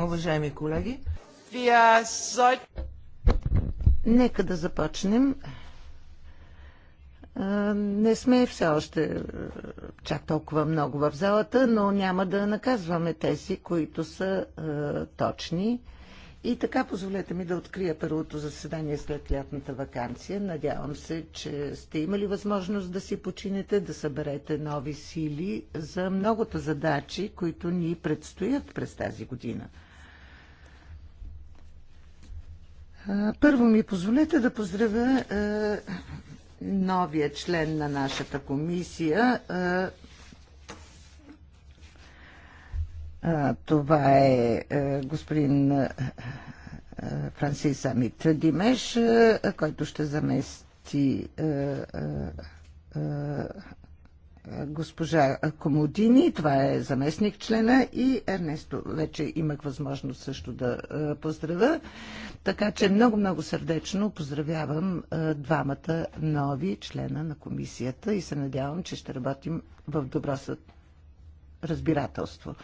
уважаеми колеги, нека да започнем. Не сме все още чак толкова много в залата, но няма да наказваме тези, които са точни. И така позволете ми да открия първото заседание след лятната вакансия. Надявам се, че сте имали възможност да си починете, да съберете нови сили за многото задачи, които ни предстоят през тази година. Първо ми позволете да поздравя новия член на нашата комисия Това е, е господин е, е, Франсис Амит Димеш, който ще замести госпожа Комодини, това е заместник члена и Ернесто. Вече имах възможност също да поздравя. Така че много-много сърдечно поздравявам двамата нови члена на комисията и се надявам, че ще работим в добро разбирателство.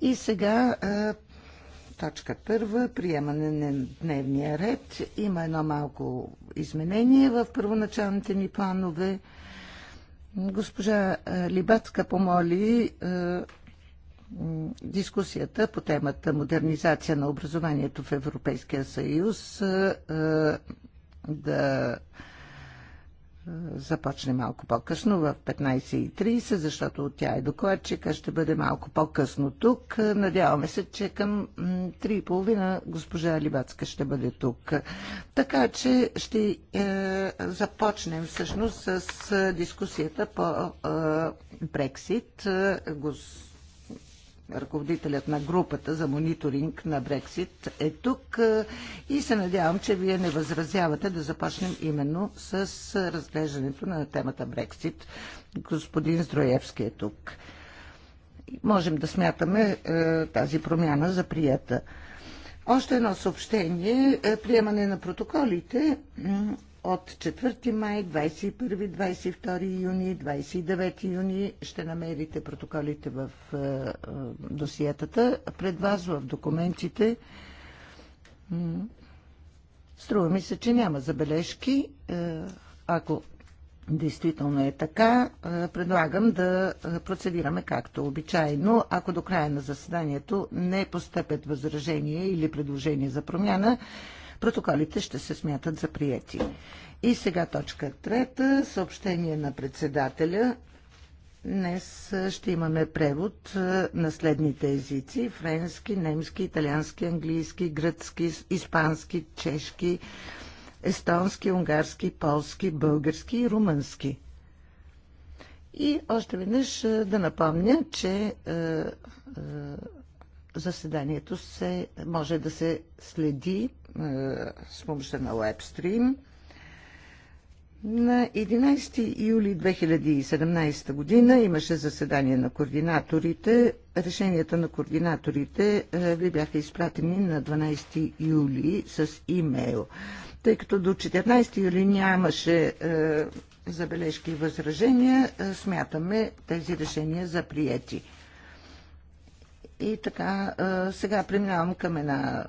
И сега точка първа, приемане на дневния ред. Има едно малко изменение в първоначалните ни планове. Госпожа Либацка помоли дискусията по темата модернизация на образованието в Европейския съюз да започне малко по-късно в 15.30, защото тя е докладчика, ще бъде малко по-късно тук. Надяваме се, че към 3.30 госпожа Либацка ще бъде тук. Така че ще е, започнем всъщност с е, дискусията по е, Брексит. Е, гос ръководителят на групата за мониторинг на Брексит е тук и се надявам, че вие не възразявате да започнем именно с разглеждането на темата Брексит. Господин Здроевски е тук. Можем да смятаме е, тази промяна за прията. Още едно съобщение. Е, приемане на протоколите от 4 май, 21, 22 юни, 29 юни ще намерите протоколите в е, е, досиетата пред вас, в документите. Струва ми се, че няма забележки. Е, ако действително е така, предлагам да процедираме както обичайно. Ако до края на заседанието не постъпят възражения или предложения за промяна, протоколите ще се смятат за приети. И сега точка трета, съобщение на председателя. Днес ще имаме превод на следните езици френски, немски, италиански, английски, гръцки, испански, чешки, естонски, унгарски, полски, български и румънски. И още веднъж да напомня, че заседанието се, може да се следи е, с помощта на WebStream. На 11 юли 2017 година имаше заседание на координаторите. Решенията на координаторите е, ви бяха изпратени на 12 юли с имейл. Тъй като до 14 юли нямаше е, забележки и възражения, смятаме тези решения за приети. И така, сега преминавам към една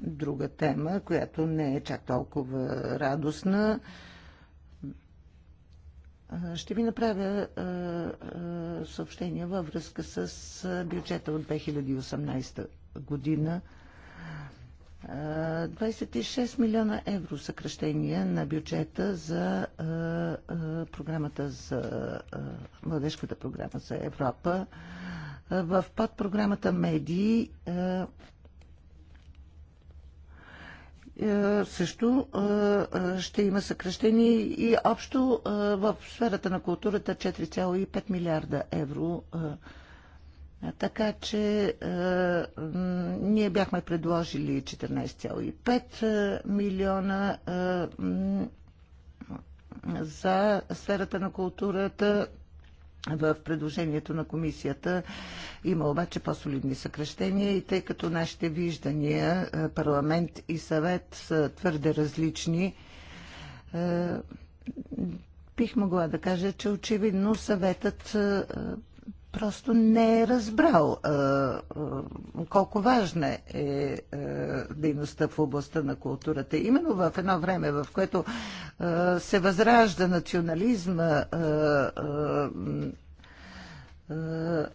друга тема, която не е чак толкова радостна. Ще ви направя съобщение във връзка с бюджета от 2018 година. 26 милиона евро съкръщение на бюджета за програмата за младежката програма за Европа. В подпрограмата Медии е, също е, е, ще има съкръщение и общо в сферата на културата 4,5 милиарда евро. Така че ние бяхме предложили 14,5 милиона за сферата на културата в предложението на комисията има обаче по-солидни съкрещения и тъй като нашите виждания, е, парламент и съвет са твърде различни, е, бих могла да кажа, че очевидно съветът е, просто не е разбрал а, а, колко важна е а, дейността в областта на културата. Именно в едно време, в което а, се възражда национализма, а, а,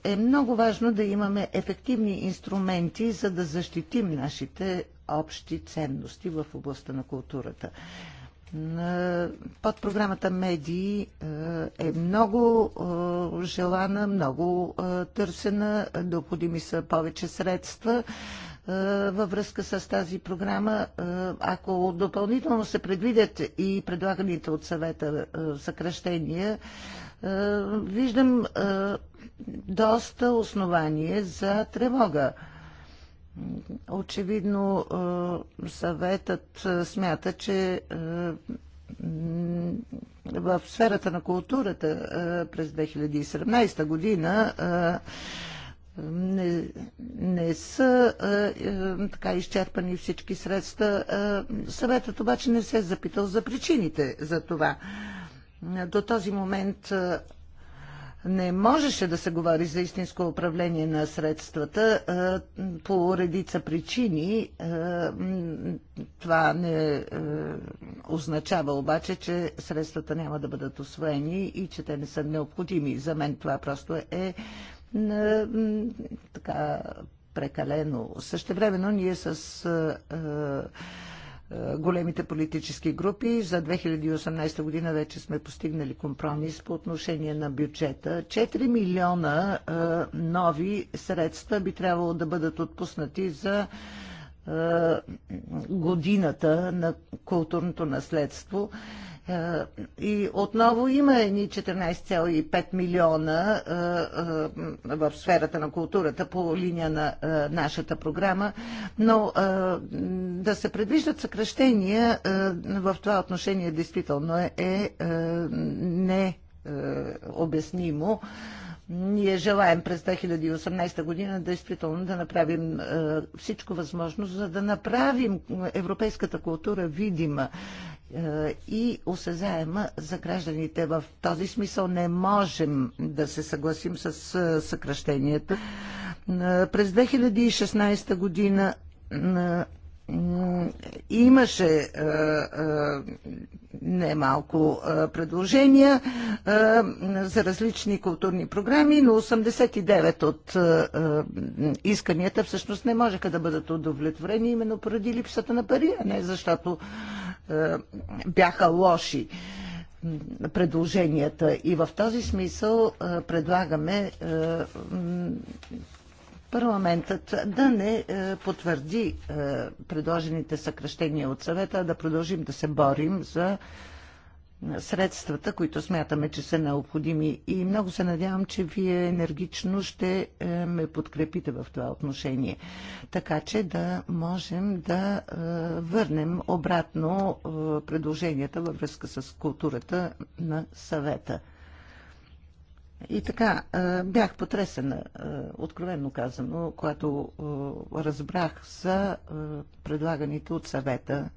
е много важно да имаме ефективни инструменти, за да защитим нашите общи ценности в областта на културата под програмата Медии е, е много е, желана, много е, търсена, необходими са повече средства във връзка с тази програма. Ако допълнително се предвидят и предлаганите от съвета съкръщения, виждам доста основание за тревога. Очевидно е, съветът е, смята, че е, в сферата на културата през 2017 година не, не са а, така изчерпани всички средства. А, съветът обаче не се е запитал за причините за това. До този момент а, не можеше да се говори за истинско управление на средствата по редица причини. Това не означава обаче, че средствата няма да бъдат освоени и че те не са необходими. За мен това просто е така прекалено. Същевременно ние с е, големите политически групи. За 2018 година вече сме постигнали компромис по отношение на бюджета. 4 милиона е, нови средства би трябвало да бъдат отпуснати за е, годината на културното наследство е, и отново има едни 14,5 милиона е, е, в сферата на културата по линия на нашата програма, но да се предвиждат съкръщения в това отношение действително е необяснимо. Ние желаем през 2018 година действително да направим всичко възможно, за да направим европейската култура видима е, и осезаема за гражданите. В този смисъл не можем да се съгласим с е, съкръщението. Е, през 2016 година имаше немалко предложения за различни културни програми, но 89 от исканията всъщност не можеха да бъдат удовлетворени именно поради липсата на пари, а не защото е, бяха лоши предложенията. И в този смисъл е, предлагаме е, парламентът да не потвърди предложените съкръщения от съвета, а да продължим да се борим за средствата, които смятаме, че са необходими. И много се надявам, че вие енергично ще е, ме подкрепите в това отношение. Така че да можем да е, върнем обратно е, предложенията във връзка с културата на съвета. И така, бях потресена, откровенно казано, когато разбрах за предлаганите от съвета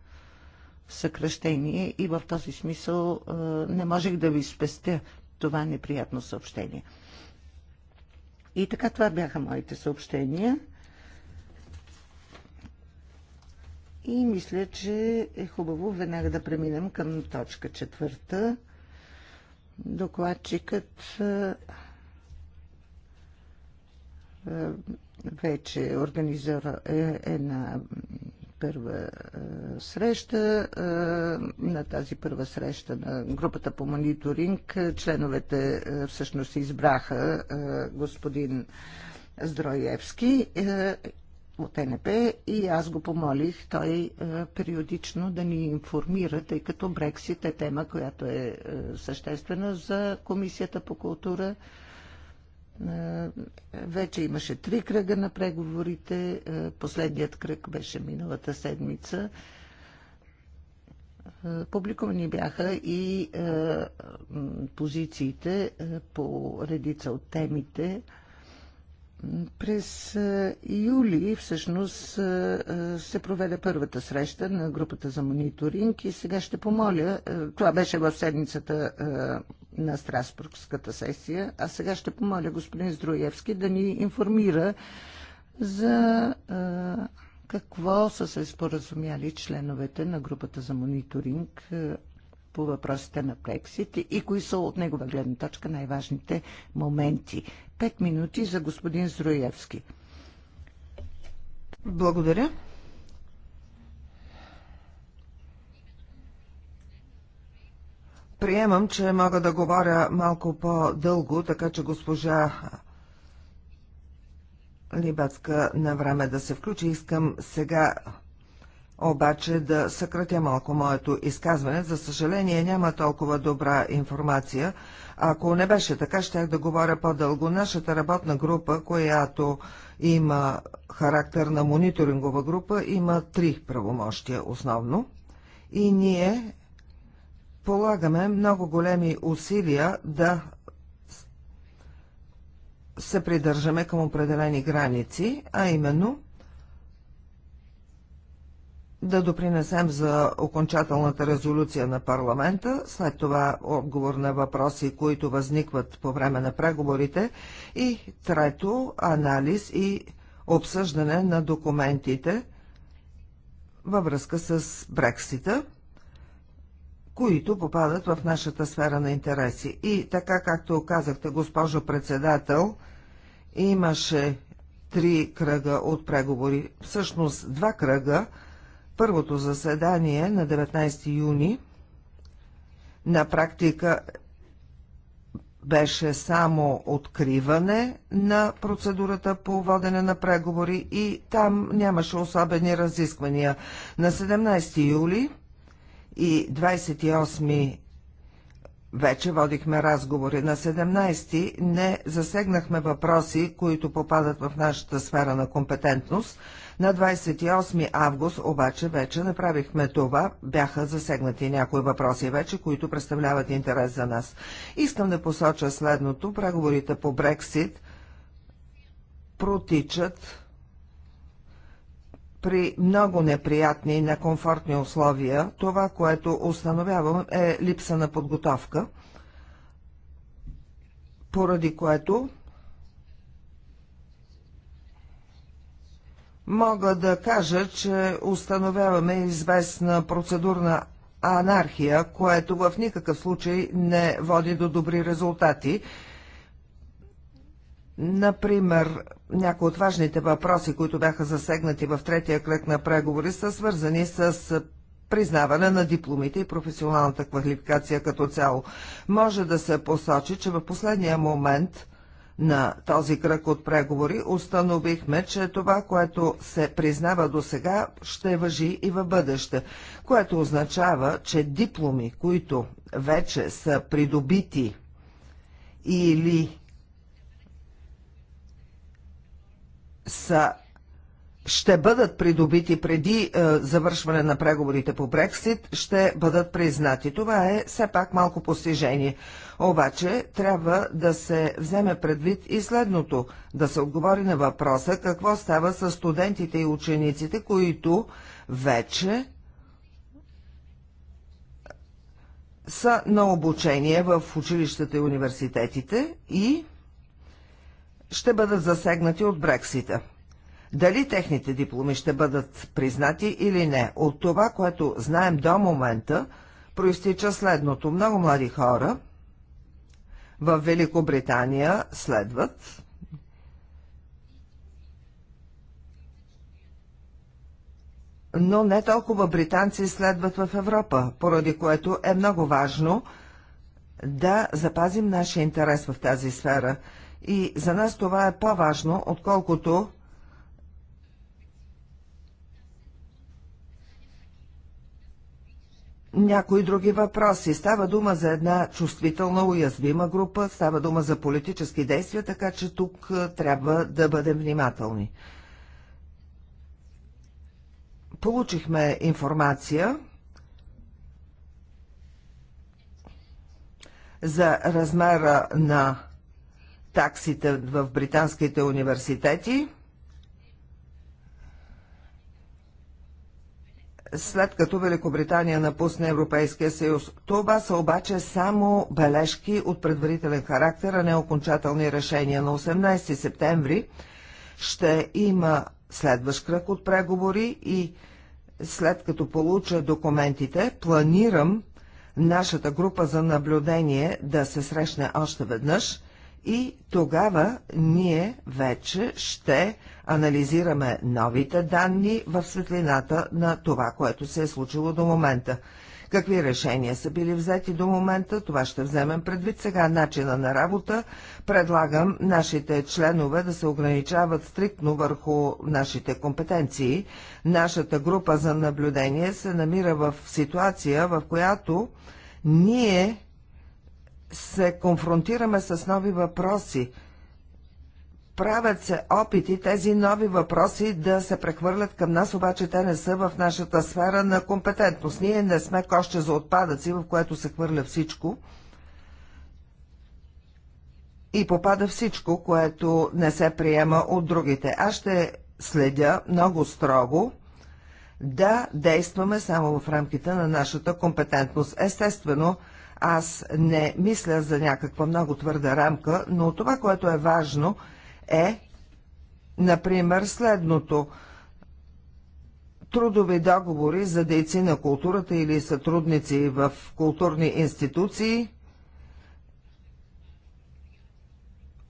съкръщение и в този смисъл не можех да ви спестя това неприятно съобщение. И така това бяха моите съобщения. И мисля, че е хубаво веднага да преминем към точка четвърта. Докладчикът вече организира една е първа е, среща. Е, на тази първа среща на групата по мониторинг е, членовете всъщност избраха господин Здроевски от НП и аз го помолих той периодично да ни информира, тъй като Брексит е тема, която е съществена за Комисията по култура е, вече имаше три кръга на преговорите. Е, последният кръг беше миналата седмица. Е, публикувани бяха и позициите по редица от темите, през юли всъщност се проведе първата среща на групата за мониторинг и сега ще помоля, това беше в седмицата на Страсбургската сесия, а сега ще помоля господин Здроевски да ни информира за какво са се споразумяли членовете на групата за мониторинг по въпросите на Брексит и кои са от негова гледна точка най-важните моменти Пет минути за господин Зруевски. Благодаря. Приемам, че мога да говоря малко по-дълго, така че госпожа Либацка на време да се включи. Искам сега обаче да съкратя малко моето изказване. За съжаление няма толкова добра информация. Ако не беше така, щях да говоря по-дълго. Нашата работна група, която има характер на мониторингова група, има три правомощия основно. И ние полагаме много големи усилия да се придържаме към определени граници, а именно – да допринесем за окончателната резолюция на парламента, след това отговор на въпроси, които възникват по време на преговорите и трето анализ и обсъждане на документите във връзка с Брексита, които попадат в нашата сфера на интереси. И така, както казахте, госпожо председател, имаше три кръга от преговори, всъщност два кръга – първото заседание на 19 юни на практика беше само откриване на процедурата по водене на преговори и там нямаше особени разисквания. На 17 юли и 28 вече водихме разговори. На 17 не засегнахме въпроси, които попадат в нашата сфера на компетентност – на 28 август обаче вече направихме това, бяха засегнати някои въпроси вече, които представляват интерес за нас. Искам да посоча следното. Преговорите по Брексит протичат при много неприятни и некомфортни условия. Това, което установявам е липса на подготовка, поради което мога да кажа, че установяваме известна процедурна анархия, което в никакъв случай не води до добри резултати. Например, някои от важните въпроси, които бяха засегнати в третия кръг на преговори, са свързани с признаване на дипломите и професионалната квалификация като цяло. Може да се посочи, че в последния момент на този кръг от преговори, установихме, че това, което се признава до сега, ще въжи и в бъдеще, което означава, че дипломи, които вече са придобити или са ще бъдат придобити преди е, завършване на преговорите по Брексит, ще бъдат признати. Това е все пак малко постижение. Обаче трябва да се вземе предвид и следното, да се отговори на въпроса какво става с студентите и учениците, които вече са на обучение в училищата и университетите и ще бъдат засегнати от Брексита дали техните дипломи ще бъдат признати или не. От това, което знаем до момента, проистича следното. Много млади хора в Великобритания следват но не толкова британци следват в Европа, поради което е много важно да запазим нашия интерес в тази сфера. И за нас това е по-важно, отколкото някои други въпроси. Става дума за една чувствителна, уязвима група, става дума за политически действия, така че тук трябва да бъдем внимателни. Получихме информация за размера на таксите в британските университети. след като Великобритания напусне Европейския съюз. Това са обаче само бележки от предварителен характер, а не окончателни решения. На 18 септември ще има следващ кръг от преговори и след като получа документите, планирам нашата група за наблюдение да се срещне още веднъж и тогава ние вече ще анализираме новите данни в светлината на това, което се е случило до момента. Какви решения са били взети до момента, това ще вземем предвид сега начина на работа. Предлагам нашите членове да се ограничават стриктно върху нашите компетенции. Нашата група за наблюдение се намира в ситуация, в която ние се конфронтираме с нови въпроси – Правят се опити тези нови въпроси да се прехвърлят към нас, обаче те не са в нашата сфера на компетентност. Ние не сме коще за отпадъци, в което се хвърля всичко и попада всичко, което не се приема от другите. Аз ще следя много строго да действаме само в рамките на нашата компетентност. Естествено, аз не мисля за някаква много твърда рамка, но това, което е важно – е, например, следното трудови договори за дейци на културата или сътрудници в културни институции,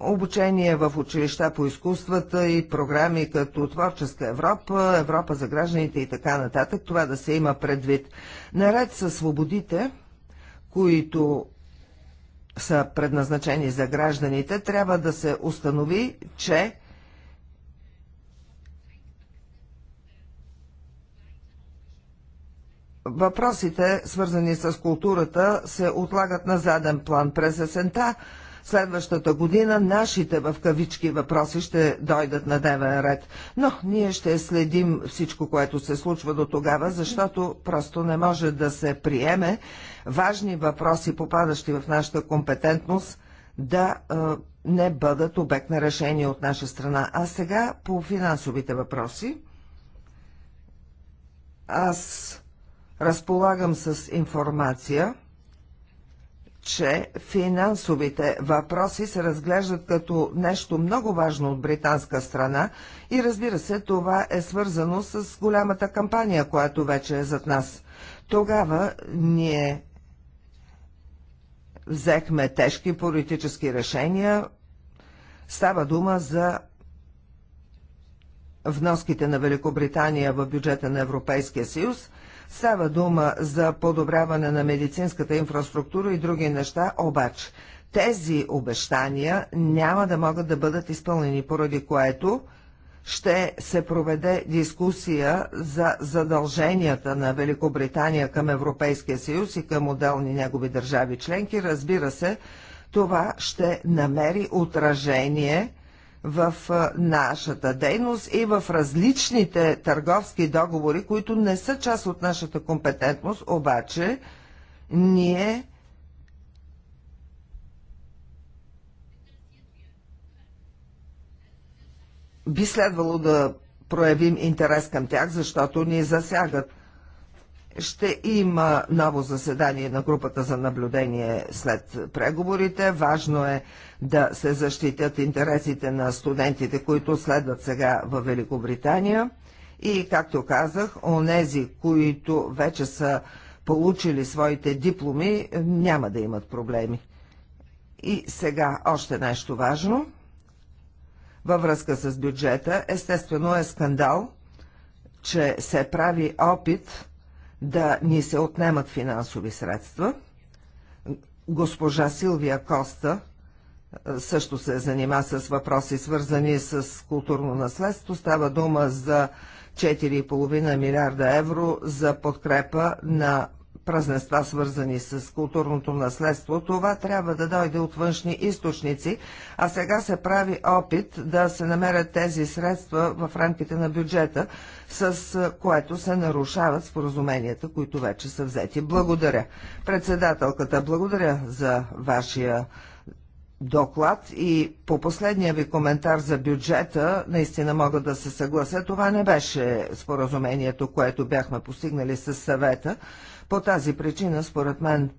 обучение в училища по изкуствата и програми като Творческа Европа, Европа за гражданите и така нататък, това да се има предвид. Наред с свободите, които са предназначени за гражданите, трябва да се установи, че въпросите, свързани с културата, се отлагат на заден план през есента следващата година нашите в кавички въпроси ще дойдат на дневен ред. Но ние ще следим всичко, което се случва до тогава, защото просто не може да се приеме важни въпроси, попадащи в нашата компетентност, да е, не бъдат обект на решение от наша страна. А сега по финансовите въпроси. Аз разполагам с информация – че финансовите въпроси се разглеждат като нещо много важно от британска страна и разбира се, това е свързано с голямата кампания, която вече е зад нас. Тогава ние взехме тежки политически решения. Става дума за вноските на Великобритания в бюджета на Европейския съюз Става дума за подобряване на медицинската инфраструктура и други неща, обаче тези обещания няма да могат да бъдат изпълнени, поради което ще се проведе дискусия за задълженията на Великобритания към Европейския съюз и към отделни негови държави членки. Разбира се, това ще намери отражение в нашата дейност и в различните търговски договори, които не са част от нашата компетентност, обаче ние би следвало да проявим интерес към тях, защото ни засягат. Ще има ново заседание на групата за наблюдение след преговорите. Важно е да се защитят интересите на студентите, които следват сега в Великобритания. И, както казах, онези, които вече са получили своите дипломи, няма да имат проблеми. И сега още нещо важно. Във връзка с бюджета, естествено е скандал, че се прави опит да ни се отнемат финансови средства. Госпожа Силвия Коста също се занима с въпроси, свързани с културно наследство. Става дума за 4,5 милиарда евро за подкрепа на празненства, свързани с културното наследство, това трябва да дойде от външни източници, а сега се прави опит да се намерят тези средства в рамките на бюджета, с което се нарушават споразуменията, които вече са взети. Благодаря. Председателката, благодаря за вашия доклад и по последния ви коментар за бюджета, наистина мога да се съглася, това не беше споразумението, което бяхме постигнали с съвета, по тази причина, според мен,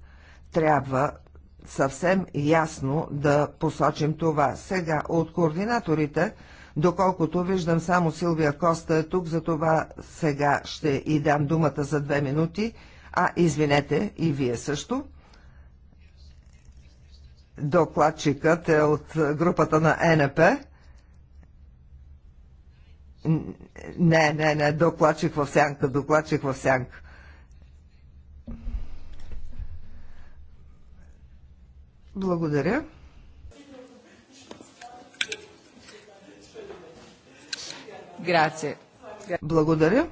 трябва съвсем ясно да посочим това. Сега от координаторите, доколкото виждам само Силвия Коста е тук, за това сега ще и дам думата за две минути, а извинете и вие също. Докладчикът е от групата на НП. Не, не, не, докладчик в сянка, докладчик в сянка. Благодаря. Грация. Благодаря.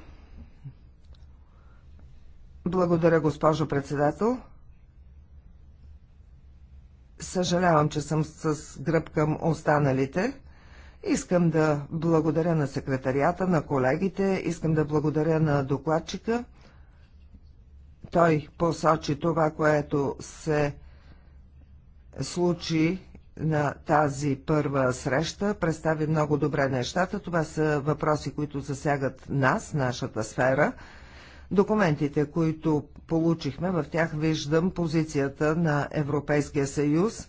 Благодаря, госпожо председател. Съжалявам, че съм с гръб към останалите. Искам да благодаря на секретарията, на колегите, искам да благодаря на докладчика. Той посочи това, което се случи на тази първа среща, представи много добре нещата. Това са въпроси, които засягат нас, нашата сфера. Документите, които получихме, в тях виждам позицията на Европейския съюз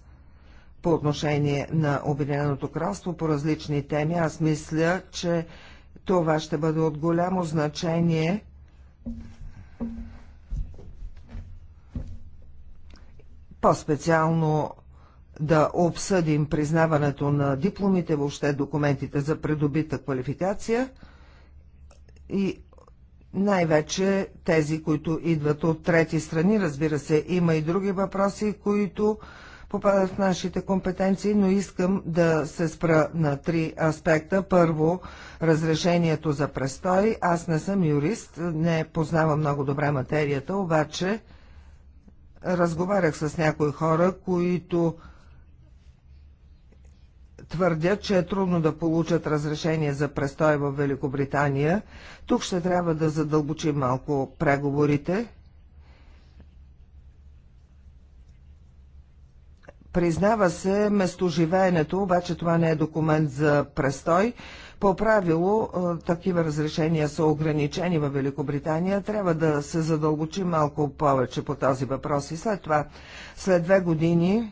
по отношение на Обединеното кралство по различни теми. Аз мисля, че това ще бъде от голямо значение по-специално да обсъдим признаването на дипломите, въобще документите за придобита квалификация и най-вече тези, които идват от трети страни. Разбира се, има и други въпроси, които попадат в нашите компетенции, но искам да се спра на три аспекта. Първо, разрешението за престой. Аз не съм юрист, не познавам много добре материята, обаче разговарях с някои хора, които твърдят, че е трудно да получат разрешение за престой в Великобритания. Тук ще трябва да задълбочим малко преговорите. Признава се местоживеенето, обаче това не е документ за престой. По правило, е, такива разрешения са ограничени в Великобритания. Трябва да се задълбочи малко повече по този въпрос. И след това, след две години,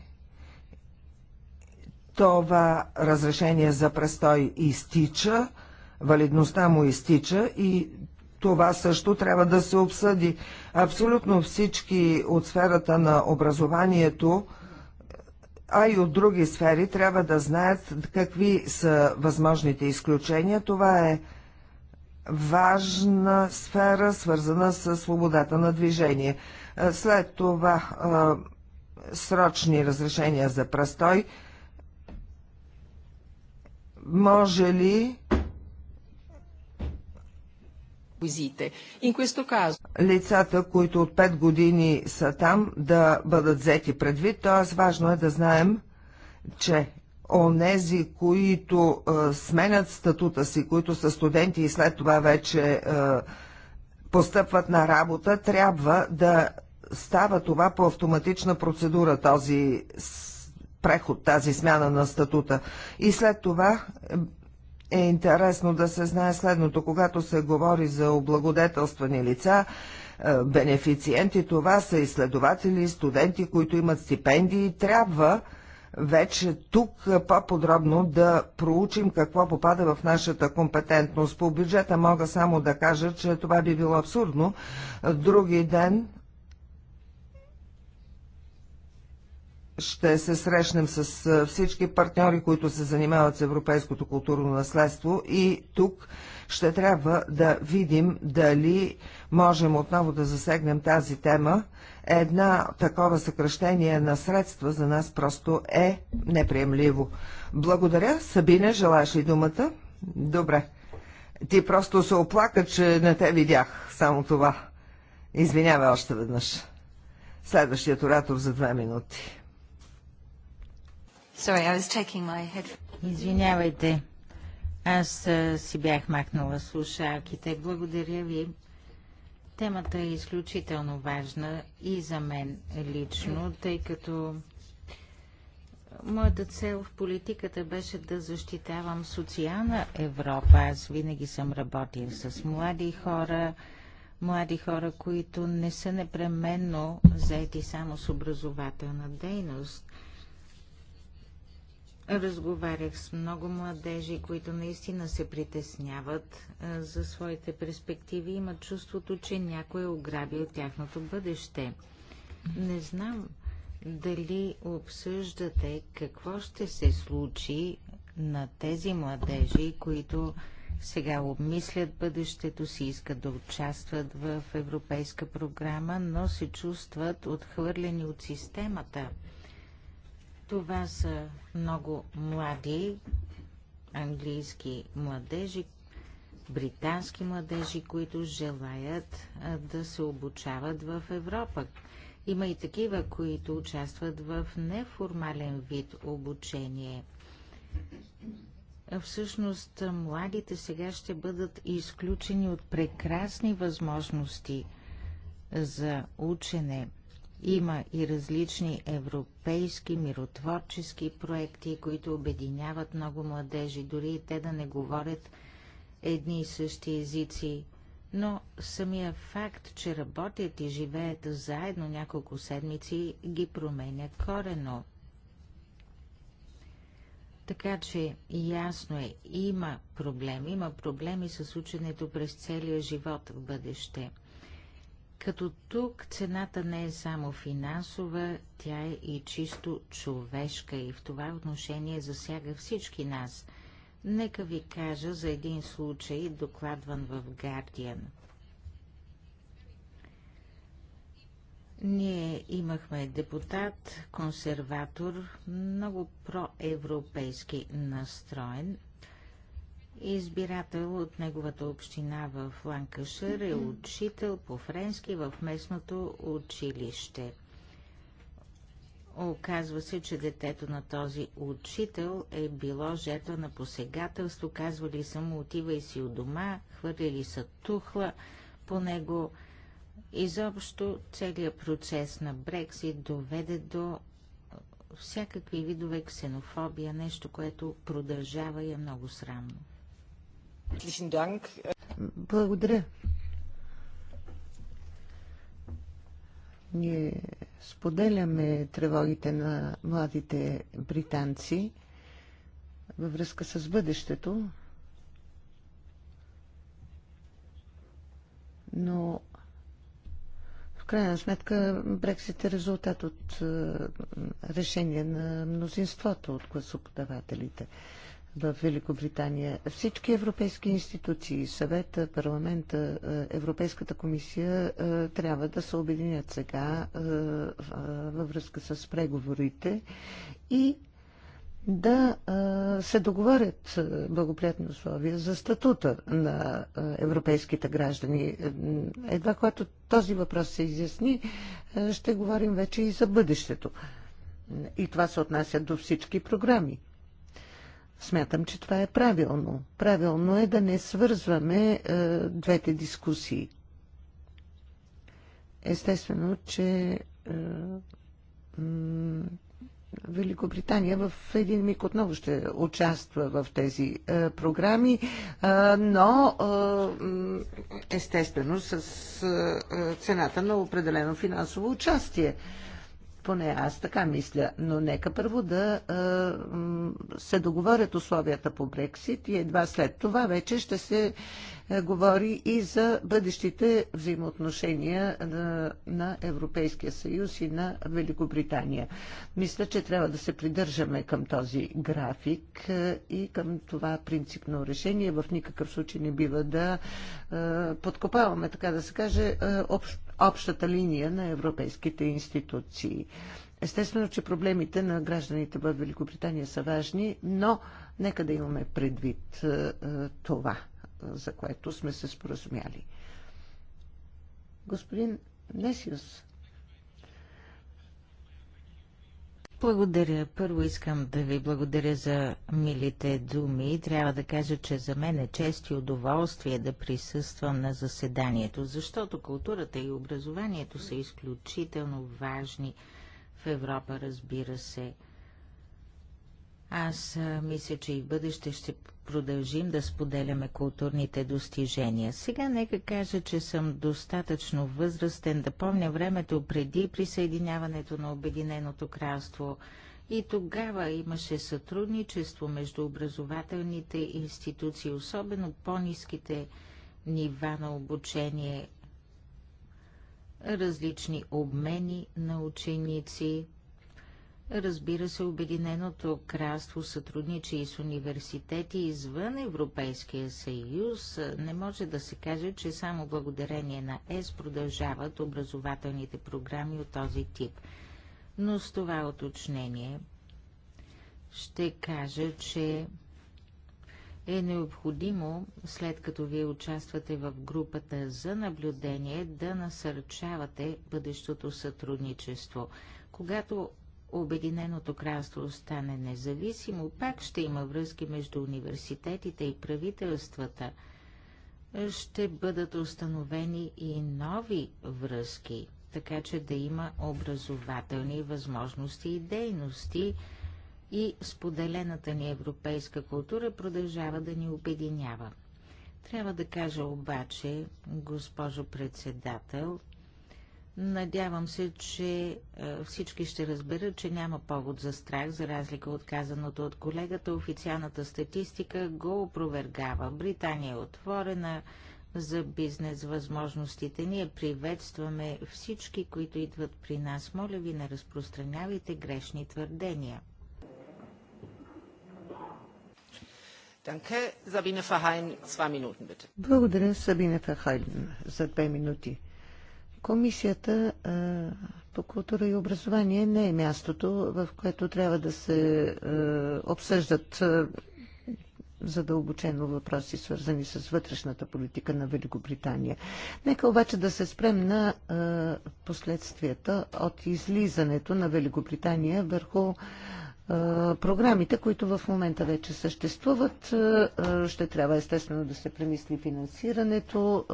това разрешение за престой изтича, валидността му изтича и това също трябва да се обсъди. Абсолютно всички от сферата на образованието, а и от други сфери, трябва да знаят какви са възможните изключения. Това е важна сфера, свързана с свободата на движение. След това срочни разрешения за престой – може ли лицата, които от 5 години са там, да бъдат взети предвид, т.е. важно е да знаем, че онези, които сменят статута си, които са студенти и след това вече постъпват на работа, трябва да става това по автоматична процедура. Този преход, тази смяна на статута. И след това е, е интересно да се знае следното, когато се говори за облагодетелствани лица, е, бенефициенти, това са изследователи, студенти, които имат стипендии, трябва вече тук е, по-подробно да проучим какво попада в нашата компетентност. По бюджета мога само да кажа, че това би било абсурдно. Други ден ще се срещнем с всички партньори, които се занимават с европейското културно наследство и тук ще трябва да видим дали можем отново да засегнем тази тема. Една такова съкръщение на средства за нас просто е неприемливо. Благодаря. Сабине, желаеш ли думата? Добре. Ти просто се оплака, че не те видях. Само това. Извинявай още веднъж. Следващият оратор за две минути. Sorry, I was taking my head... Извинявайте. Аз си бях махнала слушалките. Благодаря ви. Темата е изключително важна и за мен лично, тъй като моята цел в политиката беше да защитавам социална Европа. Аз винаги съм работил с млади хора, млади хора, които не са непременно заети само с образователна дейност. Разговарях с много младежи, които наистина се притесняват за своите перспективи, имат чувството, че някой е ограбил тяхното бъдеще. Не знам дали обсъждате какво ще се случи на тези младежи, които сега обмислят бъдещето си, искат да участват в европейска програма, но се чувстват отхвърлени от системата – това са много млади английски младежи, британски младежи, които желаят да се обучават в Европа. Има и такива, които участват в неформален вид обучение. Всъщност, младите сега ще бъдат изключени от прекрасни възможности за учене. Има и различни европейски миротворчески проекти, които обединяват много младежи, дори и те да не говорят едни и същи езици. Но самия факт, че работят и живеят заедно няколко седмици, ги променя корено. Така че ясно е, има проблеми. Има проблеми с ученето през целия живот в бъдеще – като тук цената не е само финансова, тя е и чисто човешка и в това отношение засяга всички нас. Нека ви кажа за един случай, докладван в Гардиан. Ние имахме депутат, консерватор, много проевропейски настроен, Избирател от неговата община в Ланкашър е учител по френски в местното училище. Оказва се, че детето на този учител е било жертва на посегателство, казвали са му отивай си у дома, хвърлили са тухла по него. Изобщо целият процес на Брексит доведе до всякакви видове ксенофобия, нещо, което продължава и е много срамно. Благодаря. Ние споделяме тревогите на младите британци във връзка с бъдещето, но в крайна сметка Брексит е резултат от е, решение на мнозинството от гласоподавателите в Великобритания. Всички европейски институции, съвета, парламента, е, Европейската комисия е, трябва да се объединят сега е, във връзка с преговорите и да се договорят благоприятни условия за статута на европейските граждани. Едва когато този въпрос се изясни, ще говорим вече и за бъдещето. И това се отнася до всички програми. Смятам, че това е правилно. Правилно е да не свързваме е, двете дискусии. Естествено, че е, Великобритания в един миг отново ще участва в тези е, програми, е, но е, естествено с е, е, цената на определено финансово участие. Е, поне аз така мисля. Но нека първо да се договорят условията по Брексит и едва след това вече ще се е, говори и за бъдещите взаимоотношения е, на Европейския съюз и на Великобритания. Мисля, че трябва да се придържаме към този график е, и към това принципно решение. В никакъв случай не бива да подкопаваме, така да се каже, общата линия на европейските институции. Естествено, че проблемите на гражданите в Великобритания са важни, но нека да имаме предвид това за което сме се споразумяли. Господин Несиус. Благодаря. Първо искам да ви благодаря за милите думи. Трябва да кажа, че за мен е чест и удоволствие да присъствам на заседанието, защото културата и образованието са изключително важни в Европа, разбира се. Аз мисля, че и в бъдеще ще продължим да споделяме културните достижения. Сега нека кажа, че съм достатъчно възрастен да помня времето преди присъединяването на Обединеното кралство. И тогава имаше сътрудничество между образователните институции, особено по-низките нива на обучение, различни обмени на ученици, Разбира се, Обединеното кралство сътрудничи и с университети извън Европейския съюз. Не може да се каже, че само благодарение на ЕС продължават образователните програми от този тип. Но с това оточнение ще кажа, че е необходимо, след като вие участвате в групата за наблюдение, да насърчавате бъдещото сътрудничество. Когато Обединеното кралство стане независимо, пак ще има връзки между университетите и правителствата. Ще бъдат установени и нови връзки, така че да има образователни възможности и дейности и споделената ни европейска култура продължава да ни обединява. Трябва да кажа обаче, госпожо председател, Надявам се, че е, всички ще разберат, че няма повод за страх, за разлика от казаното от колегата. Официалната статистика го опровергава. Британия е отворена за бизнес възможностите. Ние приветстваме всички, които идват при нас. Моля ви, не разпространявайте грешни твърдения. Благодаря, Сабина Фахайн, за две минути. Комисията по култура и образование не е мястото, в което трябва да се обсъждат задълбочено въпроси, свързани с вътрешната политика на Великобритания. Нека обаче да се спрем на последствията от излизането на Великобритания върху програмите, които в момента вече съществуват. Ще трябва естествено да се премисли финансирането,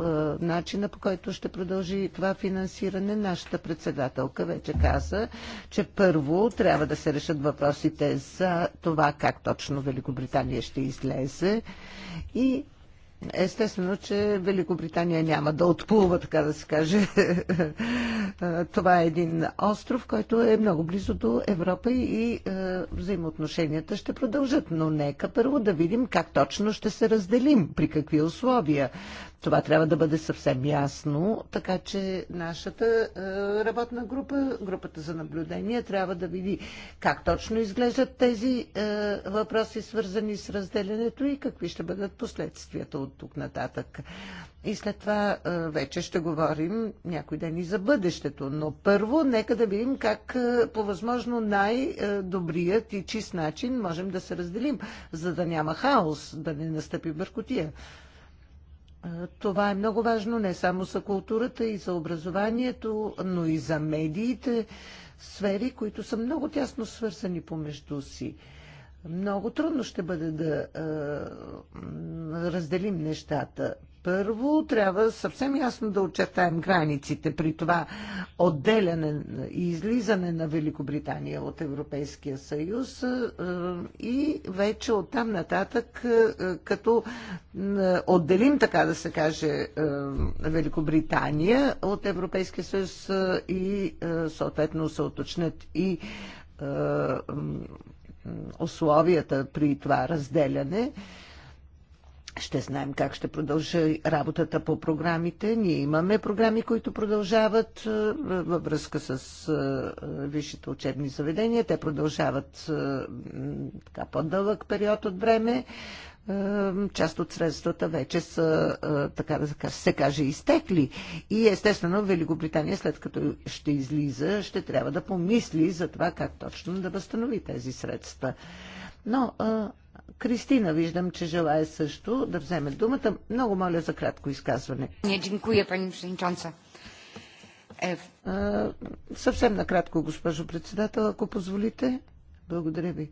начина по който ще продължи това финансиране. Нашата председателка вече каза, че първо трябва да се решат въпросите за това как точно Великобритания ще излезе и Естествено, че Великобритания няма да отплува, така да се каже, Това е един остров, който е много близо до Европа и е, взаимоотношенията ще продължат. Но нека първо да видим как точно ще се разделим, при какви условия. Това трябва да бъде съвсем ясно, така че нашата е, работна група, групата за наблюдение, трябва да види как точно изглеждат тези е, въпроси, свързани с разделянето и какви ще бъдат последствията от тук нататък. И след това е, вече ще говорим някой ден и за бъдещето. Но първо, нека да видим как по възможно най-добрият и чист начин можем да се разделим, за да няма хаос, да не настъпи бъркотия. Това е много важно не само за културата и за образованието, но и за медиите, сфери, които са много тясно свързани помежду си. Много трудно ще бъде да а, разделим нещата. Първо трябва съвсем ясно да очертаем границите при това отделяне и излизане на Великобритания от Европейския съюз е, и вече оттам нататък, е, като е, отделим, така да се каже, Великобритания от Европейския съюз и съответно се уточнят и условията при това разделяне, ще знаем как ще продължи работата по програмите. Ние имаме програми, които продължават е, във връзка с е, висшите учебни заведения. Те продължават е, така, по-дълъг период от време. Част от средствата вече са, така да се каже, изтекли. И естествено Великобритания, след като ще излиза, ще трябва да помисли за това как точно да възстанови тези средства. Но Кристина виждам, че желая също да вземе думата. Много моля за кратко изказване. Не, дякую, пани Шенчонца. Е, съвсем накратко, госпожо председател, ако позволите. Благодаря ви.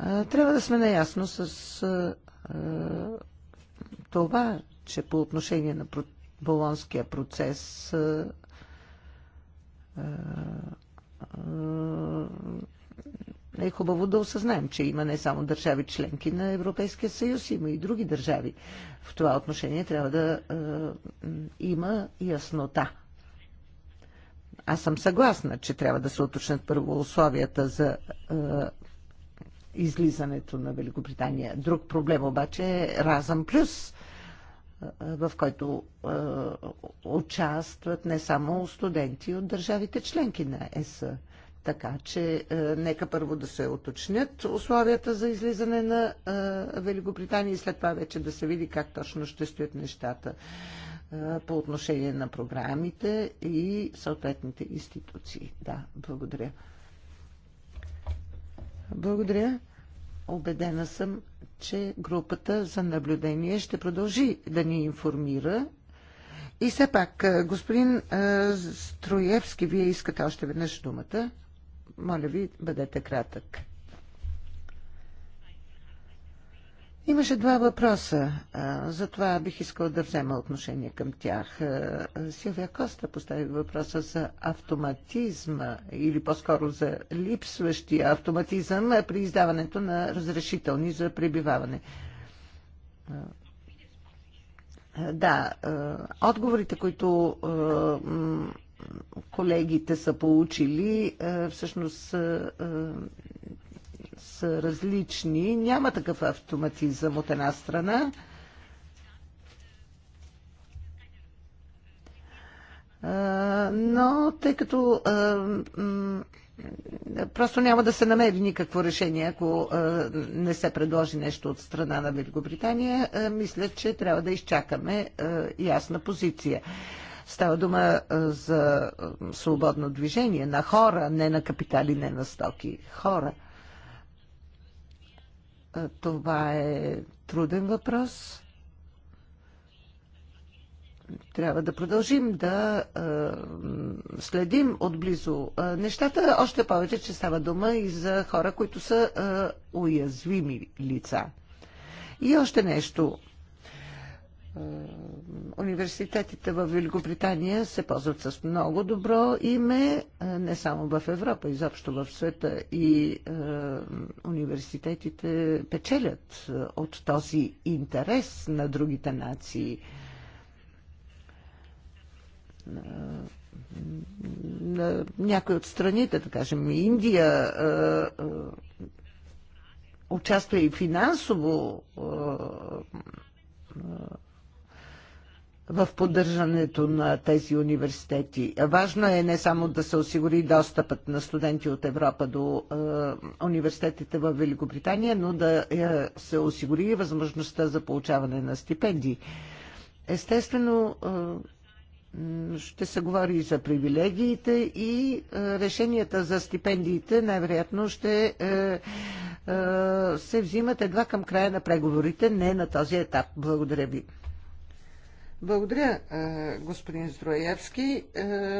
Трябва да сме наясно с това, че по отношение на болонския процес е хубаво да осъзнаем, че има не само държави членки на Европейския съюз, има и други държави. В това отношение трябва да е, има яснота. Аз съм съгласна, че трябва да се уточнят първо условията за е, излизането на Великобритания. Друг проблем обаче е Разъм Плюс, е, в който е, участват не само студенти от държавите членки на ЕС, така че е, нека първо да се оточнят условията за излизане на е, Великобритания и след това вече да се види как точно ще стоят нещата е, по отношение на програмите и съответните институции. Да, благодаря. Благодаря. Обедена съм, че групата за наблюдение ще продължи да ни информира и все пак, е, господин е, Строевски, вие искате още веднъж думата. Моля ви, бъдете кратък. Имаше два въпроса, затова бих искал да взема отношение към тях. Силвия Коста постави въпроса за автоматизма или по-скоро за липсващия автоматизъм при издаването на разрешителни за пребиваване. Да, отговорите, които колегите са получили, е, всъщност са, е, е, са различни. Няма такъв автоматизъм от една страна. Но тъй като просто няма да се намери никакво решение, ако не се предложи нещо от страна на Великобритания, мисля, че трябва да изчакаме ясна позиция. Става дума за свободно движение на хора, не на капитали, не на стоки. Хора. Това е труден въпрос. Трябва да продължим да е, следим отблизо е, нещата, още повече, че става дума и за хора, които са е, уязвими лица. И още нещо университетите в Великобритания се ползват с много добро име, не само в Европа, изобщо в света. И университетите печелят от този интерес на другите нации. На някои от страните, да кажем Индия, участва и финансово в поддържането на тези университети. Важно е не само да се осигури достъпът на студенти от Европа до е, университетите в Великобритания, но да е, се осигури и възможността за получаване на стипендии. Естествено, е, ще се говори и за привилегиите и е, решенията за стипендиите най-вероятно ще е, е, се взимат едва към края на преговорите, не на този етап. Благодаря ви. Благодаря, господин Зроевски.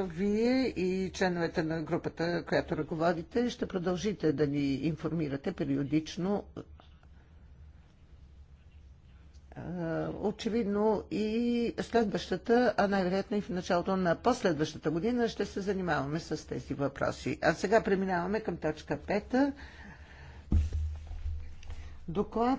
Вие и членовете на групата, която ръководите, ще продължите да ни информирате периодично. Очевидно и следващата, а най-вероятно и в началото на последващата година ще се занимаваме с тези въпроси. А сега преминаваме към точка 5. Доклад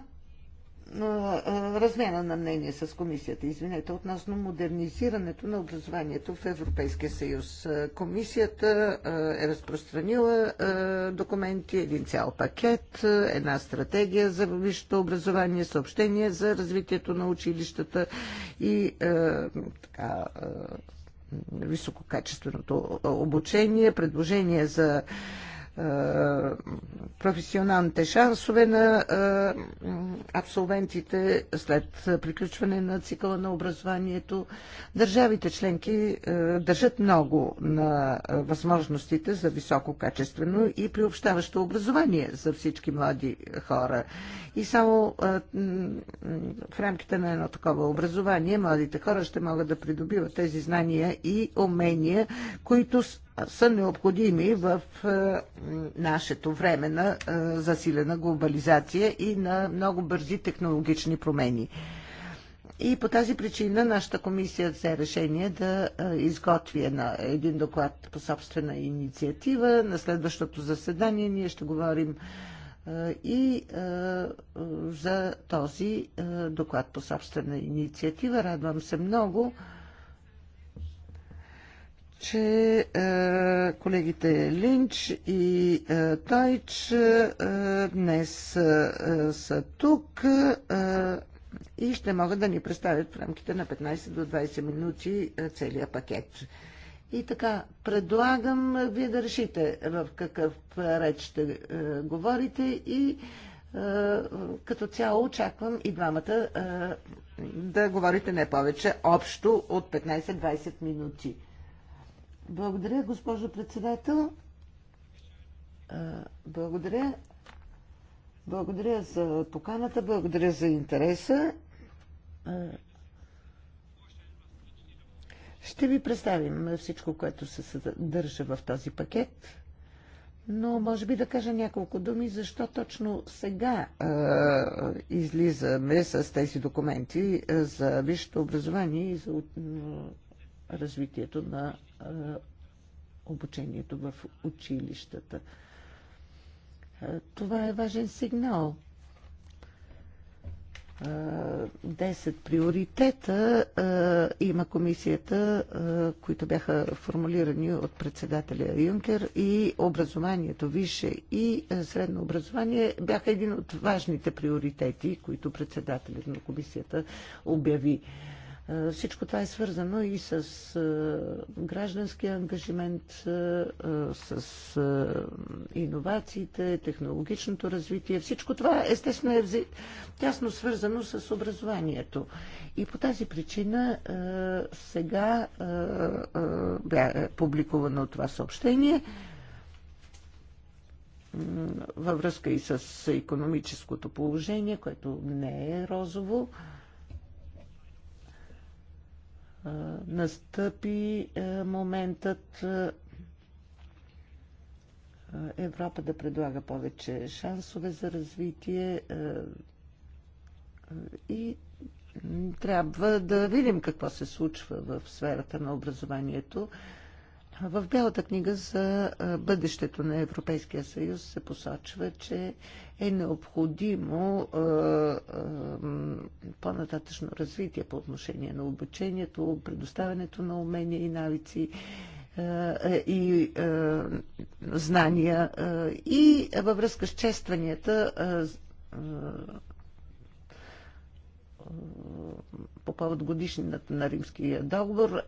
размяна на мнение с комисията, извинете, относно модернизирането на образованието в Европейския съюз. Комисията е разпространила документи, един цял пакет, една стратегия за висшето образование, съобщение за развитието на училищата и така висококачественото обучение, предложение за е, професионалните шансове на е, абсолвентите след приключване на цикъла на образованието. Държавите членки е, държат много на възможностите за високо качествено и приобщаващо образование за всички млади хора. И само в рамките на едно такова образование младите хора ще могат да придобиват тези знания и умения, които са необходими в е, нашето време на е, засилена глобализация и на много бързи технологични промени. И по тази причина нашата комисия взе решение да е, изготви на един доклад по собствена инициатива. На следващото заседание ние ще говорим и за този доклад по собствена инициатива. Радвам се много че е, колегите Линч и е, Тайч е, днес е, са тук е, и ще могат да ни представят в рамките на 15 до 20 минути е, целият пакет. И така, предлагам е, вие да решите в какъв реч ще е, говорите и е, като цяло очаквам и двамата е, да говорите не повече, общо от 15-20 минути. Благодаря, госпожо председател. Благодаря. Благодаря за поканата, благодаря за интереса. Ще ви представим всичко, което се съдържа в този пакет. Но може би да кажа няколко думи, защо точно сега а, излизаме с тези документи за висшето образование и за развитието на обучението в училищата. Това е важен сигнал. Десет приоритета има комисията, които бяха формулирани от председателя Юнкер и образованието, висше и средно образование бяха един от важните приоритети, които председателят на комисията обяви. Е, всичко това е свързано и с е, гражданския ангажимент, е, с иновациите, технологичното развитие. Всичко това естествено е тясно свързано с образованието. И по тази причина сега бе публикувано това съобщение във връзка и с економическото положение, което не е розово настъпи моментът Европа да предлага повече шансове за развитие и трябва да видим какво се случва в сферата на образованието. В Бялата книга за бъдещето на Европейския съюз се посочва, че е необходимо по-нататъчно развитие по отношение на обучението, предоставянето на умения и навици и знания и във връзка с честванията по повод годишнината на Римския договор е,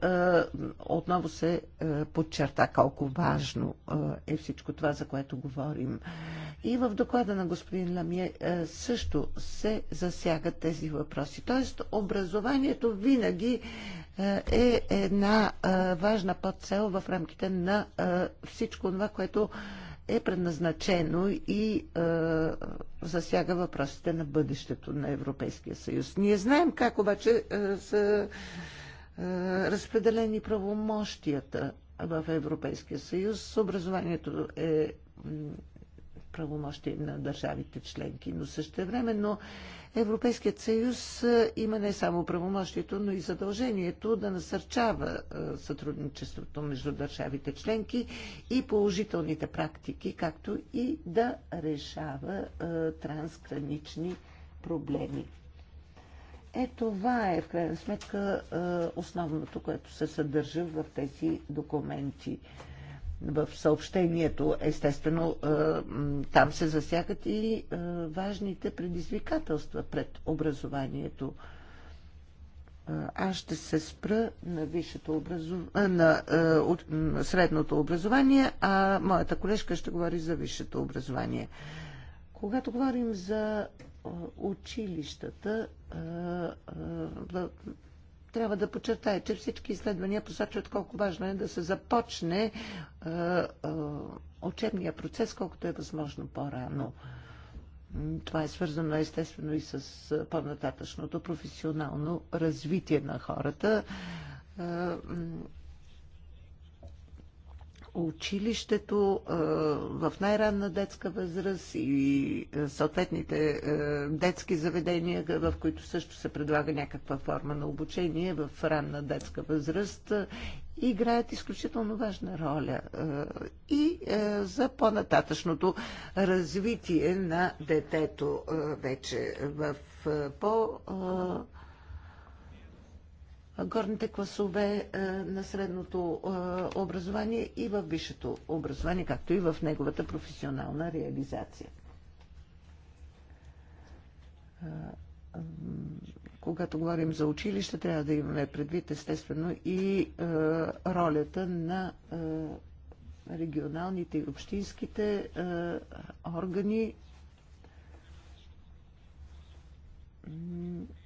отново се е, подчерта колко важно е, е всичко това, за което говорим. И в доклада на господин Ламие също се засягат тези въпроси. Тоест, образованието винаги е една важна подцел в рамките на всичко това, което е предназначено и е, засяга въпросите на бъдещето на Европейския съюз. Ние знаем как обаче е, са е, разпределени правомощията в Европейския съюз. Образованието е правомощи на държавите членки. Но същевременно Европейският съюз е, има не само правомощието, но и задължението да насърчава е, сътрудничеството между държавите членки и положителните практики, както и да решава е, трансгранични проблеми. Е, това е в крайна сметка основното, което се съдържа в тези документи в съобщението, естествено, е, там се засягат и е, важните предизвикателства пред образованието. Е, аз ще се спра на, висшето на средното образование, а моята колежка ще говори за висшето образование. Когато говорим за училищата, трябва да подчертая, че всички изследвания посочват колко важно е да се започне е, е, учебния процес, колкото е възможно по-рано. Това е свързано естествено и с е, по-нататъчното професионално развитие на хората. Е, училището в най-ранна детска възраст и съответните детски заведения, в които също се предлага някаква форма на обучение в ранна детска възраст, играят изключително важна роля и за по-нататъчното развитие на детето вече в по- горните класове е, на средното е, образование и в висшето образование, както и в неговата професионална реализация. Е, когато говорим за училище, трябва да имаме предвид естествено и ролята на регионалните и общинските органи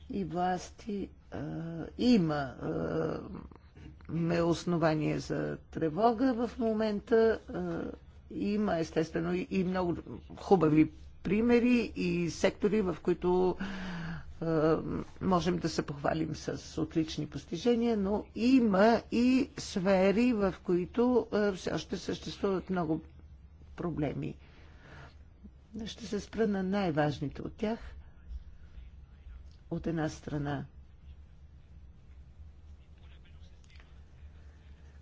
и власти има ме основание за тревога в момента. Има естествено и много хубави примери и сектори, в които можем да се похвалим с отлични постижения, но има и сфери, в които все още съществуват много проблеми. Ще се спра на най-важните от тях. От една страна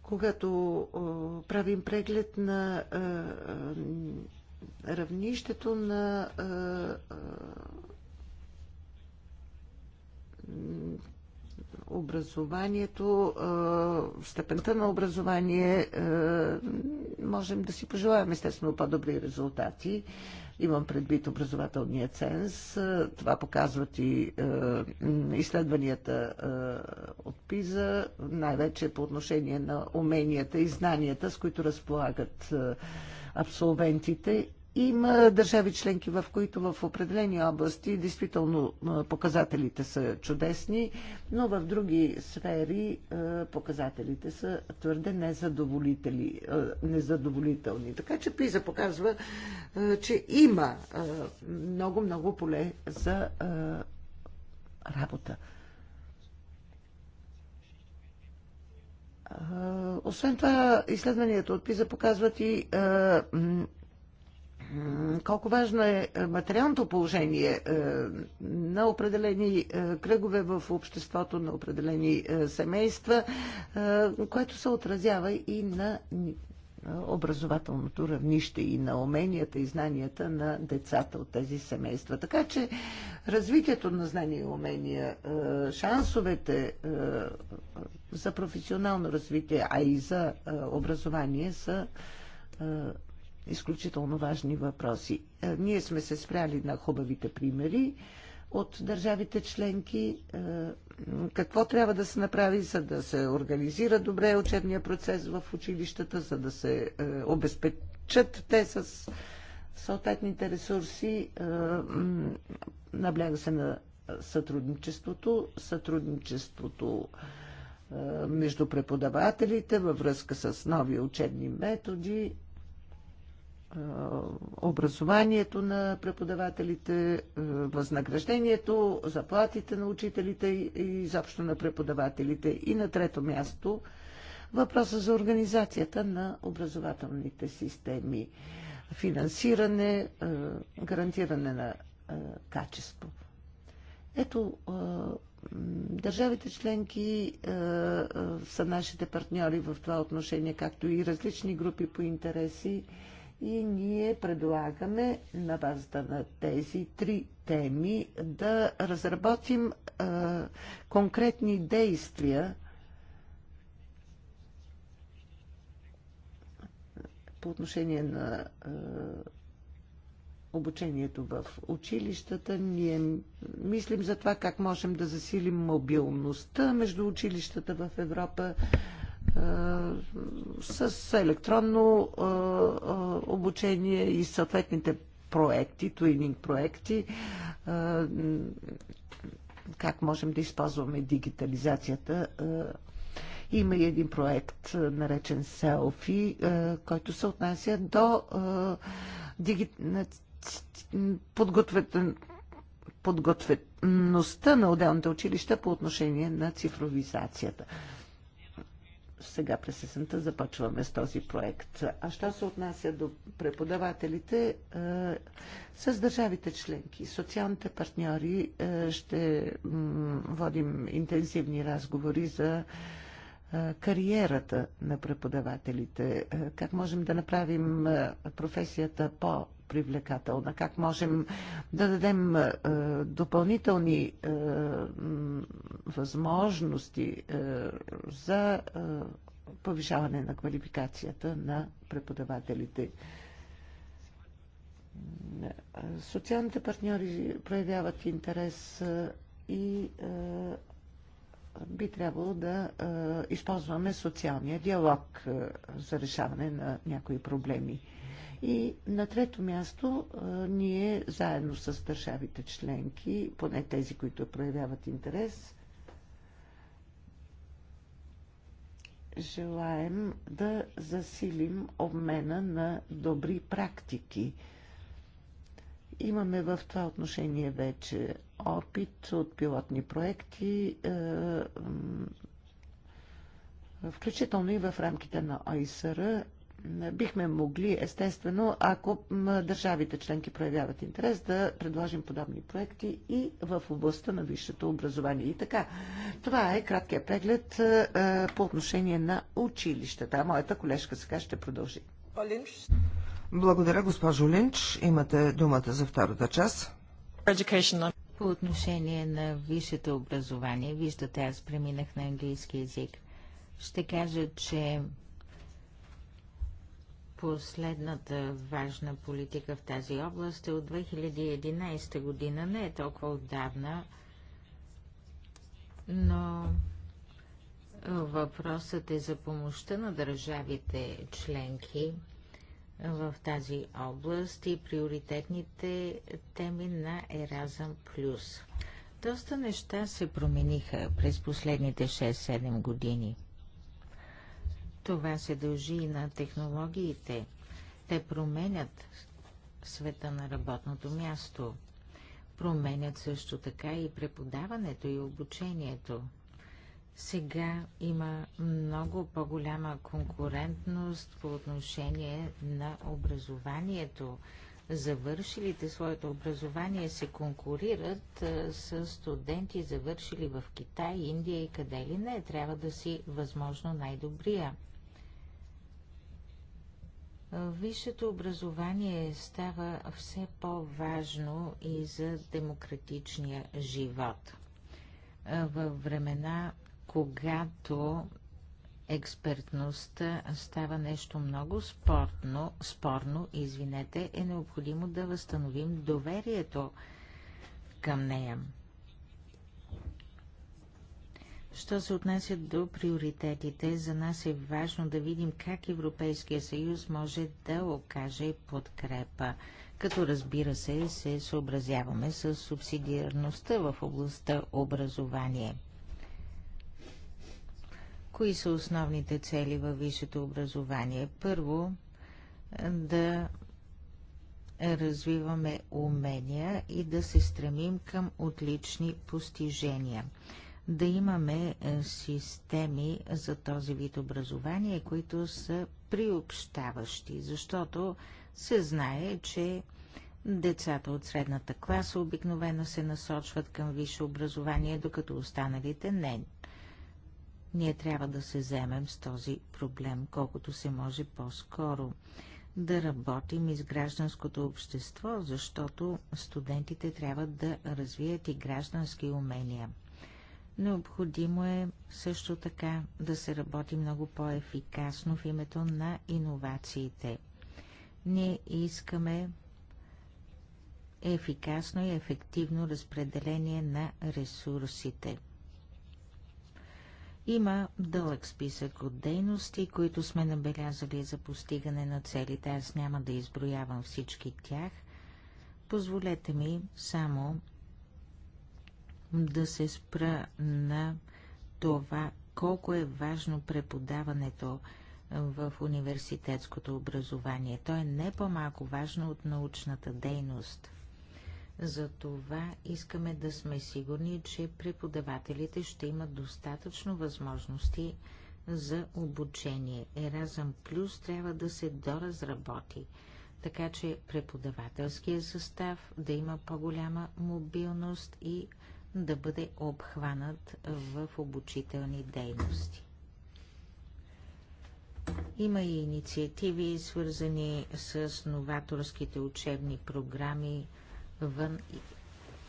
когато правим преглед на равнището на образованието, степента на образование, можем да си пожелаем естествено по-добри резултати. Имам предвид образователния ценз. Това показват и изследванията от ПИЗа, най-вече по отношение на уменията и знанията, с които разполагат абсолвентите има държави членки, в които в определени области действително показателите са чудесни, но в други сфери показателите са твърде незадоволителни. Така че ПИЗа показва, че има много-много поле за работа. Освен това, изследванията от ПИЗа показват и колко важно е, е материалното положение е, на определени е, кръгове в обществото, на определени семейства, което се отразява и на образователното равнище и на уменията и знанията на децата от тези семейства. Така че развитието на знания и умения, шансовете за професионално развитие, а и за образование са изключително важни въпроси. Е, ние сме се спряли на хубавите примери от държавите членки. Е, какво трябва да се направи, за да се организира добре учебния процес в училищата, за да се е, обезпечат те с съответните ресурси. Набляга се на сътрудничеството. Сътрудничеството между преподавателите във връзка с нови учебни методи образованието на преподавателите, възнаграждението, заплатите на учителите и изобщо на преподавателите. И на трето място въпроса за организацията на образователните системи, финансиране, гарантиране на качество. Ето, държавите членки са нашите партньори в това отношение, както и различни групи по интереси и ние предлагаме на базата на тези три теми да разработим а, е, конкретни действия по отношение на а, е, обучението в училищата. Ние мислим за това как можем да засилим мобилността между училищата в Европа. Е, с електронно е, е, обучение и съответните проекти, туининг проекти, как можем да използваме дигитализацията. Има и един проект, наречен Селфи, който се отнася до диги... подготвеността на отделните училища по отношение на цифровизацията сега през есента започваме с този проект. А що се отнася до преподавателите, е, с държавите членки, социалните партньори е, ще водим интензивни разговори за е, кариерата на преподавателите, как можем да направим професията по привлекателна? Как можем да дадем е, допълнителни е, възможности е, за повишаване на квалификацията на преподавателите? Социалните партньори проявяват интерес и би трябвало да използваме социалния диалог за решаване на някои проблеми. И на трето място, ние заедно с държавите членки, поне тези, които проявяват интерес, желаем да засилим обмена на добри практики. Имаме в това отношение вече опит от пилотни проекти, включително и в рамките на ОИСР Бихме могли, естествено, ако държавите членки проявяват интерес, да предложим подобни проекти и в областта на висшето образование. И така, това е краткият преглед е, е, по отношение на училищата. моята колежка сега ще продължи. Благодаря, госпожо Линч. Имате думата за втората част. По отношение на висшето образование, виждате, аз преминах на английски язик. Ще кажа, че Последната важна политика в тази област е от 2011 година. Не е толкова отдавна, но въпросът е за помощта на държавите членки в тази област и приоритетните теми на Еразъм Плюс. Доста неща се промениха през последните 6-7 години – това се дължи и на технологиите. Те променят света на работното място. Променят също така и преподаването и обучението. Сега има много по-голяма конкурентност по отношение на образованието. Завършилите своето образование се конкурират с студенти, завършили в Китай, Индия и къде ли не. Трябва да си възможно най-добрия. Висшето образование става все по-важно и за демократичния живот. Във времена, когато експертността става нещо много спортно, спорно, извинете, е необходимо да възстановим доверието към нея. Що се отнася до приоритетите, за нас е важно да видим как Европейския съюз може да окаже подкрепа, като разбира се се съобразяваме с субсидиарността в областта образование. Кои са основните цели във висшето образование? Първо, да развиваме умения и да се стремим към отлични постижения – да имаме е, системи за този вид образование, които са приобщаващи, защото се знае, че децата от средната класа обикновено се насочват към висше образование, докато останалите не. Ние трябва да се вземем с този проблем, колкото се може по-скоро. Да работим с гражданското общество, защото студентите трябва да развият и граждански умения – Необходимо е също така да се работи много по-ефикасно в името на иновациите. Ние искаме ефикасно и ефективно разпределение на ресурсите. Има дълъг списък от дейности, които сме набелязали за постигане на целите. Аз няма да изброявам всички тях. Позволете ми само да се спра на това колко е важно преподаването в университетското образование. То е не по-малко важно от научната дейност. Затова искаме да сме сигурни, че преподавателите ще имат достатъчно възможности за обучение. Еразъм Плюс трябва да се доразработи, така че преподавателския състав да има по-голяма мобилност и да бъде обхванат в обучителни дейности. Има и инициативи, свързани с новаторските учебни програми вън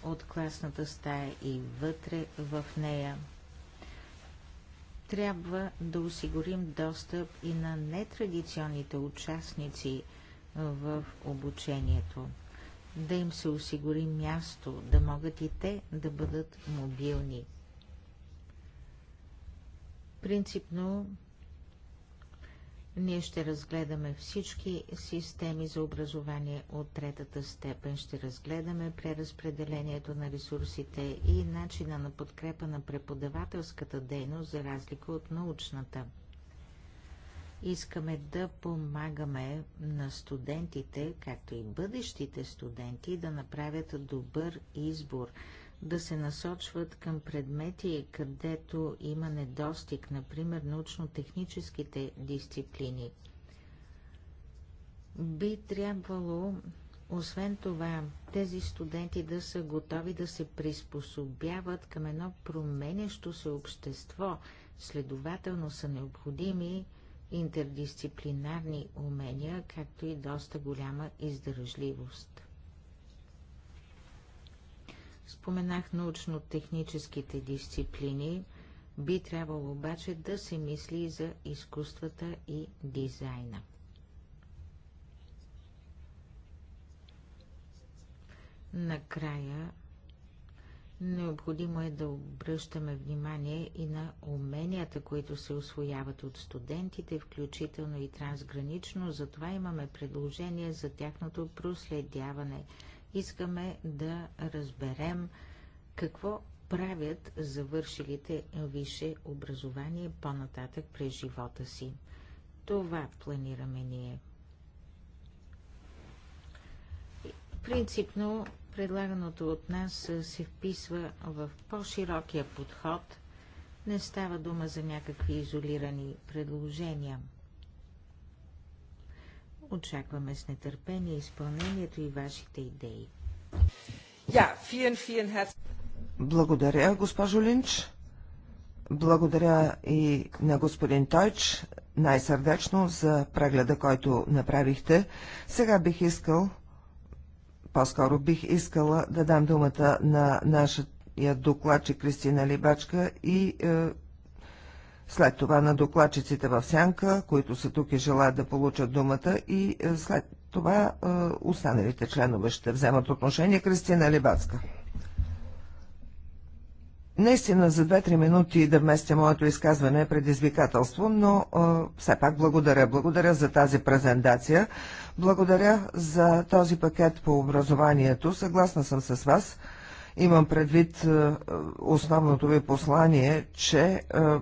от класната стая и вътре в нея. Трябва да осигурим достъп и на нетрадиционните участници в обучението да им се осигури място, да могат и те да бъдат мобилни. Принципно ние ще разгледаме всички системи за образование от третата степен, ще разгледаме преразпределението на ресурсите и начина на подкрепа на преподавателската дейност за разлика от научната. Искаме да помагаме на студентите, както и бъдещите студенти, да направят добър избор, да се насочват към предмети, където има недостиг, например научно-техническите дисциплини. Би трябвало освен това, тези студенти да са готови да се приспособяват към едно променящо се общество, следователно са необходими интердисциплинарни умения, както и доста голяма издържливост. Споменах научно-техническите дисциплини, би трябвало обаче да се мисли и за изкуствата и дизайна. Накрая Необходимо е да обръщаме внимание и на уменията, които се освояват от студентите, включително и трансгранично. Затова имаме предложение за тяхното проследяване. Искаме да разберем какво правят завършилите висше образование по-нататък през живота си. Това планираме ние. Принципно Предлаганото от нас се вписва в по-широкия подход. Не става дума за някакви изолирани предложения. Очакваме с нетърпение изпълнението и вашите идеи. Ja, vielen, vielen herz... Благодаря, госпожо Линч. Благодаря и на господин Тойч най-сърдечно за прегледа, който направихте. Сега бих искал по-скоро бих искала да дам думата на нашия докладчик Кристина Либачка и е, след това на докладчиците в Сянка, които са тук и желаят да получат думата и е, след това е, останалите членове ще вземат отношение. Кристина Либачка. Наистина за 2-3 минути да вместя моето изказване е предизвикателство, но а, все пак благодаря. Благодаря за тази презентация. Благодаря за този пакет по образованието. Съгласна съм с вас. Имам предвид а, основното ви послание, че а,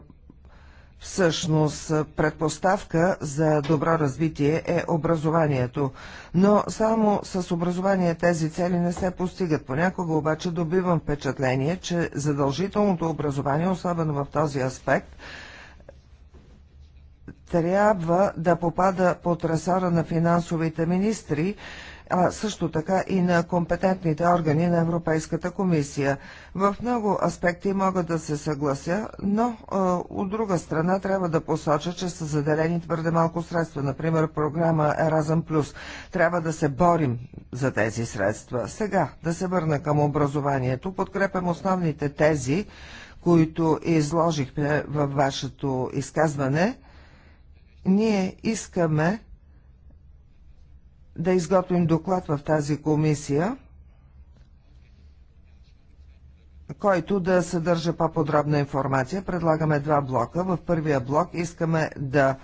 Всъщност, предпоставка за добро развитие е образованието, но само с образование тези цели не се постигат. Понякога обаче добивам впечатление, че задължителното образование, особено в този аспект, трябва да попада под ресора на финансовите министри, а също така и на компетентните органи на Европейската комисия. В много аспекти мога да се съглася, но а, от друга страна трябва да посоча, че са заделени твърде малко средства. Например, програма Еразъм Плюс. Трябва да се борим за тези средства. Сега да се върна към образованието. Подкрепям основните тези, които изложихме във вашето изказване. Ние искаме да изготвим доклад в тази комисия, който да съдържа по-подробна информация. Предлагаме два блока. В първия блок искаме да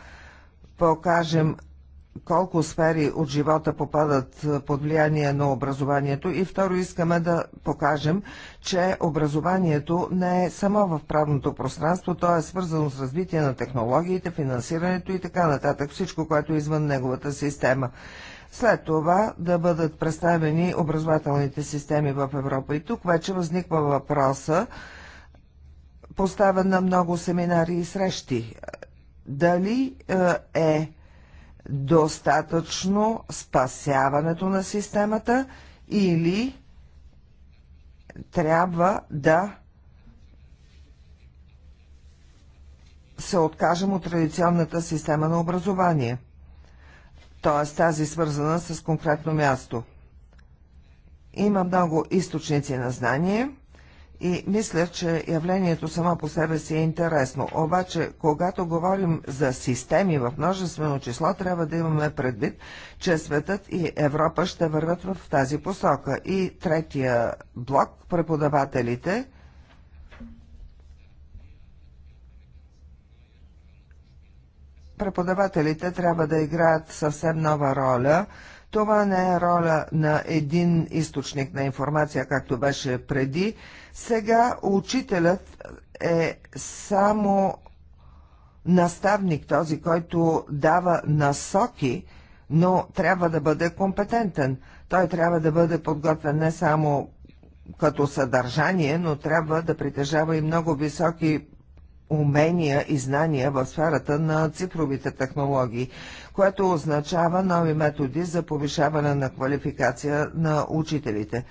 покажем колко сфери от живота попадат под влияние на образованието и второ искаме да покажем, че образованието не е само в правното пространство, то е свързано с развитие на технологиите, финансирането и така нататък, всичко, което е извън неговата система след това да бъдат представени образователните системи в Европа. И тук вече възниква въпроса, поставен на много семинари и срещи. Дали е, е достатъчно спасяването на системата или трябва да се откажем от традиционната система на образование – т.е. тази свързана с конкретно място. Има много източници на знание и мисля, че явлението само по себе си е интересно. Обаче, когато говорим за системи в множествено число, трябва да имаме предвид, че светът и Европа ще върват в тази посока. И третия блок – преподавателите – преподавателите трябва да играят съвсем нова роля. Това не е роля на един източник на информация, както беше преди. Сега учителят е само наставник, този, който дава насоки, но трябва да бъде компетентен. Той трябва да бъде подготвен не само като съдържание, но трябва да притежава и много високи умения и знания в сферата на цифровите технологии, което означава нови методи за повишаване на квалификация на учителите.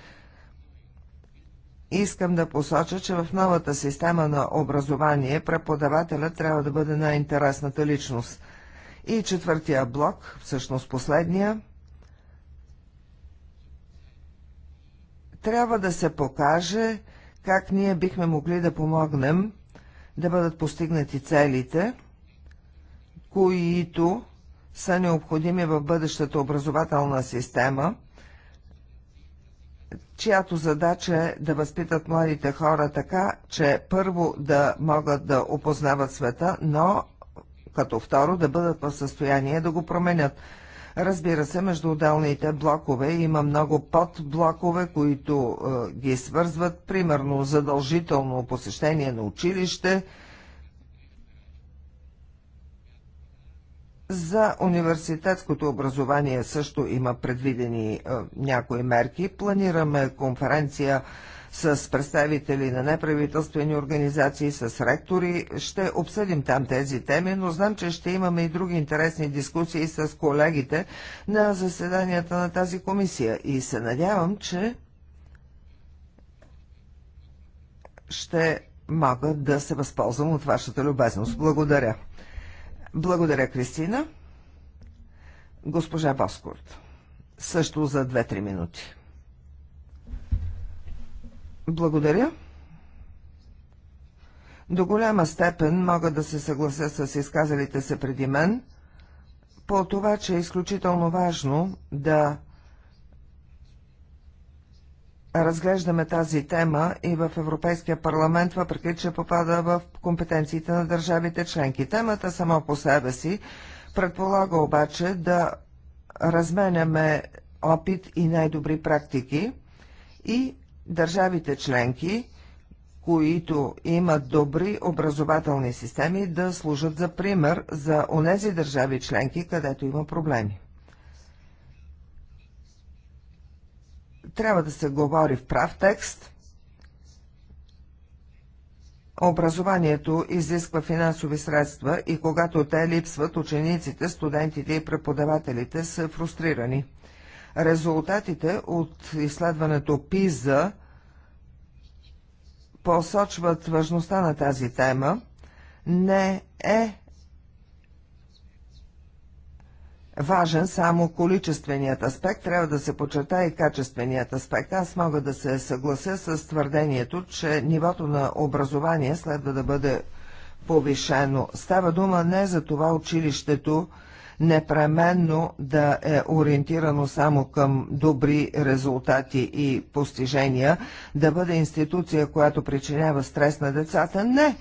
Искам да посоча, че в новата система на образование преподавателя трябва да бъде най-интересната личност. И четвъртия блок, всъщност последния, трябва да се покаже как ние бихме могли да помогнем да бъдат постигнати целите, които са необходими в бъдещата образователна система, чиято задача е да възпитат младите хора така, че първо да могат да опознават света, но като второ да бъдат в състояние да го променят. Разбира се, между отделните блокове има много подблокове, които е, ги свързват, примерно задължително посещение на училище, За университетското образование също има предвидени е, някои мерки. Планираме конференция с представители на неправителствени организации, с ректори. Ще обсъдим там тези теми, но знам, че ще имаме и други интересни дискусии с колегите на заседанията на тази комисия. И се надявам, че ще мога да се възползвам от вашата любезност. Благодаря. Благодаря, Кристина. Госпожа Боскорт. Също за 2-3 минути. Благодаря. До голяма степен мога да се съглася с изказалите се преди мен по това, че е изключително важно да разглеждаме тази тема и в Европейския парламент, въпреки че попада в компетенциите на държавите членки. Темата само по себе си предполага обаче да разменяме опит и най-добри практики и държавите членки, които имат добри образователни системи, да служат за пример за онези държави членки, където има проблеми. Трябва да се говори в прав текст – Образованието изисква финансови средства и когато те липсват, учениците, студентите и преподавателите са фрустрирани. Резултатите от изследването ПИЗА посочват важността на тази тема. Не е важен само количественият аспект, трябва да се почерта и качественият аспект. Аз мога да се съглася с твърдението, че нивото на образование следва да бъде повишено. Става дума не за това училището непременно да е ориентирано само към добри резултати и постижения, да бъде институция, която причинява стрес на децата. Не!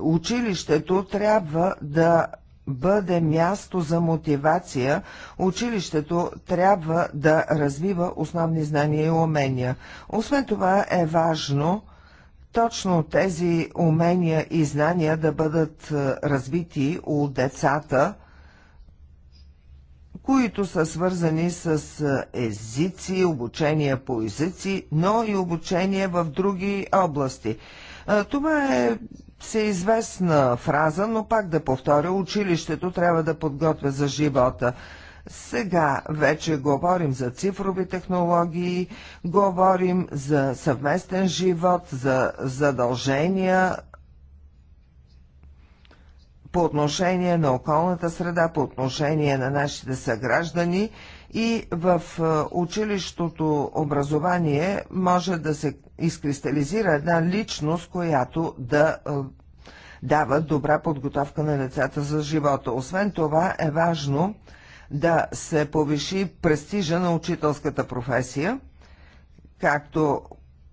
Училището трябва да бъде място за мотивация, училището трябва да развива основни знания и умения. Освен това е важно точно тези умения и знания да бъдат е, развити у децата – които са свързани с езици, обучение по езици, но и обучение в други области. Това е всеизвестна фраза, но пак да повторя, училището трябва да подготвя за живота. Сега вече говорим за цифрови технологии, говорим за съвместен живот, за задължения по отношение на околната среда, по отношение на нашите съграждани и в е, училищното образование може да се изкристализира една личност, която да е, дава добра подготовка на децата за живота. Освен това е важно да се повиши престижа на учителската професия, както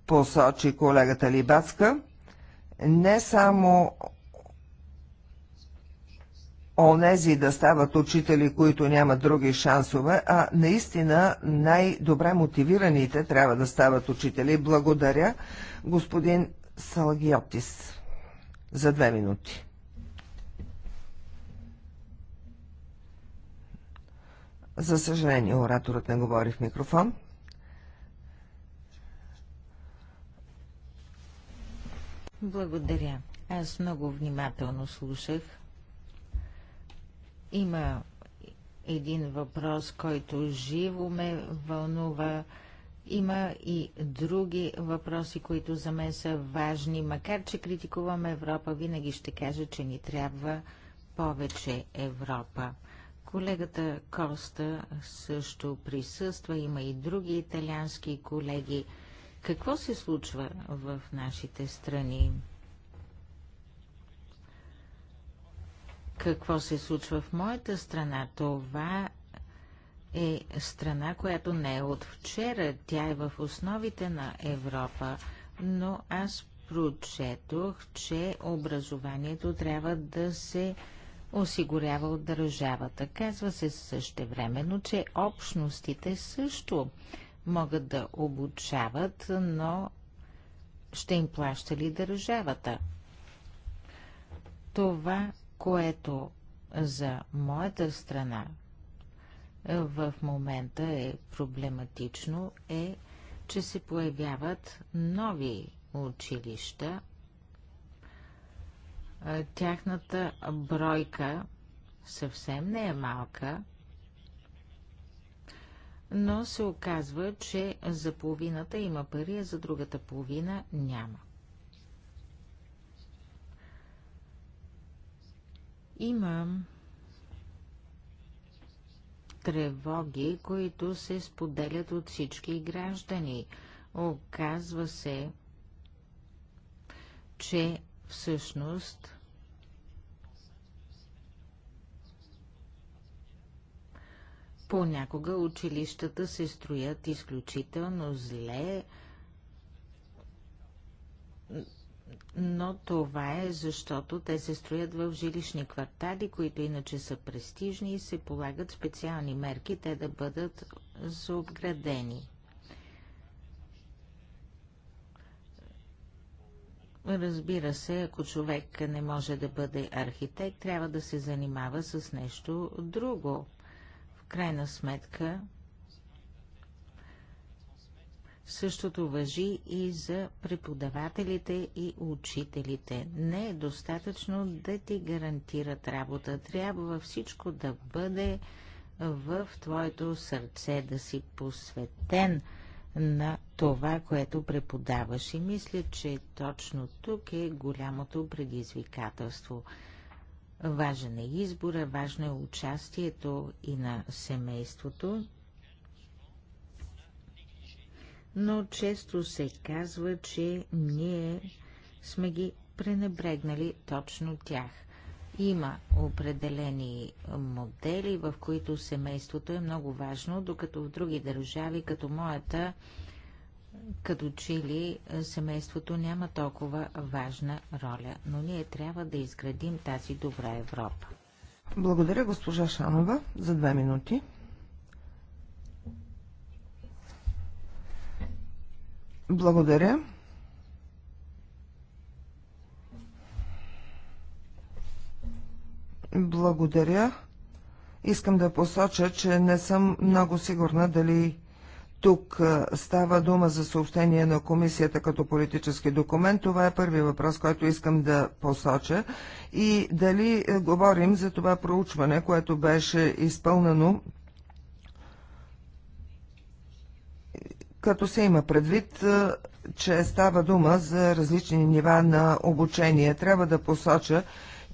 посочи колегата Либацка, не само онези да стават учители, които нямат други шансове, а наистина най-добре мотивираните трябва да стават учители. Благодаря, господин Салгиотис, за две минути. За съжаление, ораторът не говори в микрофон. Благодаря. Аз много внимателно слушах има един въпрос, който живо ме вълнува. Има и други въпроси, които за мен са важни. Макар, че критикуваме Европа, винаги ще кажа, че ни трябва повече Европа. Колегата Коста също присъства, има и други италиански колеги. Какво се случва в нашите страни? какво се случва в моята страна. Това е страна, която не е от вчера. Тя е в основите на Европа. Но аз прочетох, че образованието трябва да се осигурява от държавата. Казва се същевременно, че общностите също могат да обучават, но ще им плаща ли държавата? Това което за моята страна в момента е проблематично, е, че се появяват нови училища. Тяхната бройка съвсем не е малка, но се оказва, че за половината има пари, а за другата половина няма. Имам тревоги, които се споделят от всички граждани. Оказва се, че всъщност понякога училищата се строят изключително зле, но това е защото те се строят в жилищни квартали, които иначе са престижни и се полагат специални мерки те да бъдат заобградени. Разбира се, ако човек не може да бъде архитект, трябва да се занимава с нещо друго. В крайна сметка, Същото въжи и за преподавателите и учителите. Не е достатъчно да ти гарантират работа. Трябва всичко да бъде в твоето сърце, да си посветен на това, което преподаваш. И мисля, че точно тук е голямото предизвикателство. Важен е избора, важно е участието и на семейството но често се казва, че ние сме ги пренебрегнали точно тях. Има определени модели, в които семейството е много важно, докато в други държави, като моята, като чили семейството няма толкова важна роля, но ние трябва да изградим тази добра Европа. Благодаря, госпожа Шанова, за две минути. Благодаря. Благодаря. Искам да посоча, че не съм много сигурна дали тук става дума за съобщение на комисията като политически документ. Това е първи въпрос, който искам да посоча. И дали говорим за това проучване, което беше изпълнено като се има предвид, е, че става дума за различни нива на обучение. Трябва да посоча,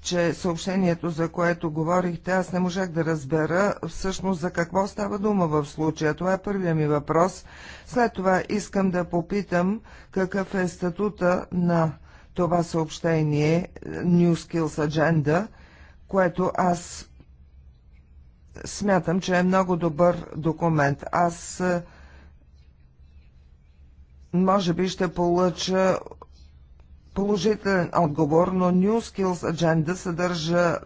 че съобщението, за което говорихте, аз не можах да разбера всъщност за какво става дума в случая. Това е първия ми въпрос. След това искам да попитам какъв е статута на това съобщение е, New Skills Agenda, което аз смятам, че е много добър документ. Аз е, може би ще получа положителен отговор, но New Skills Agenda съдържа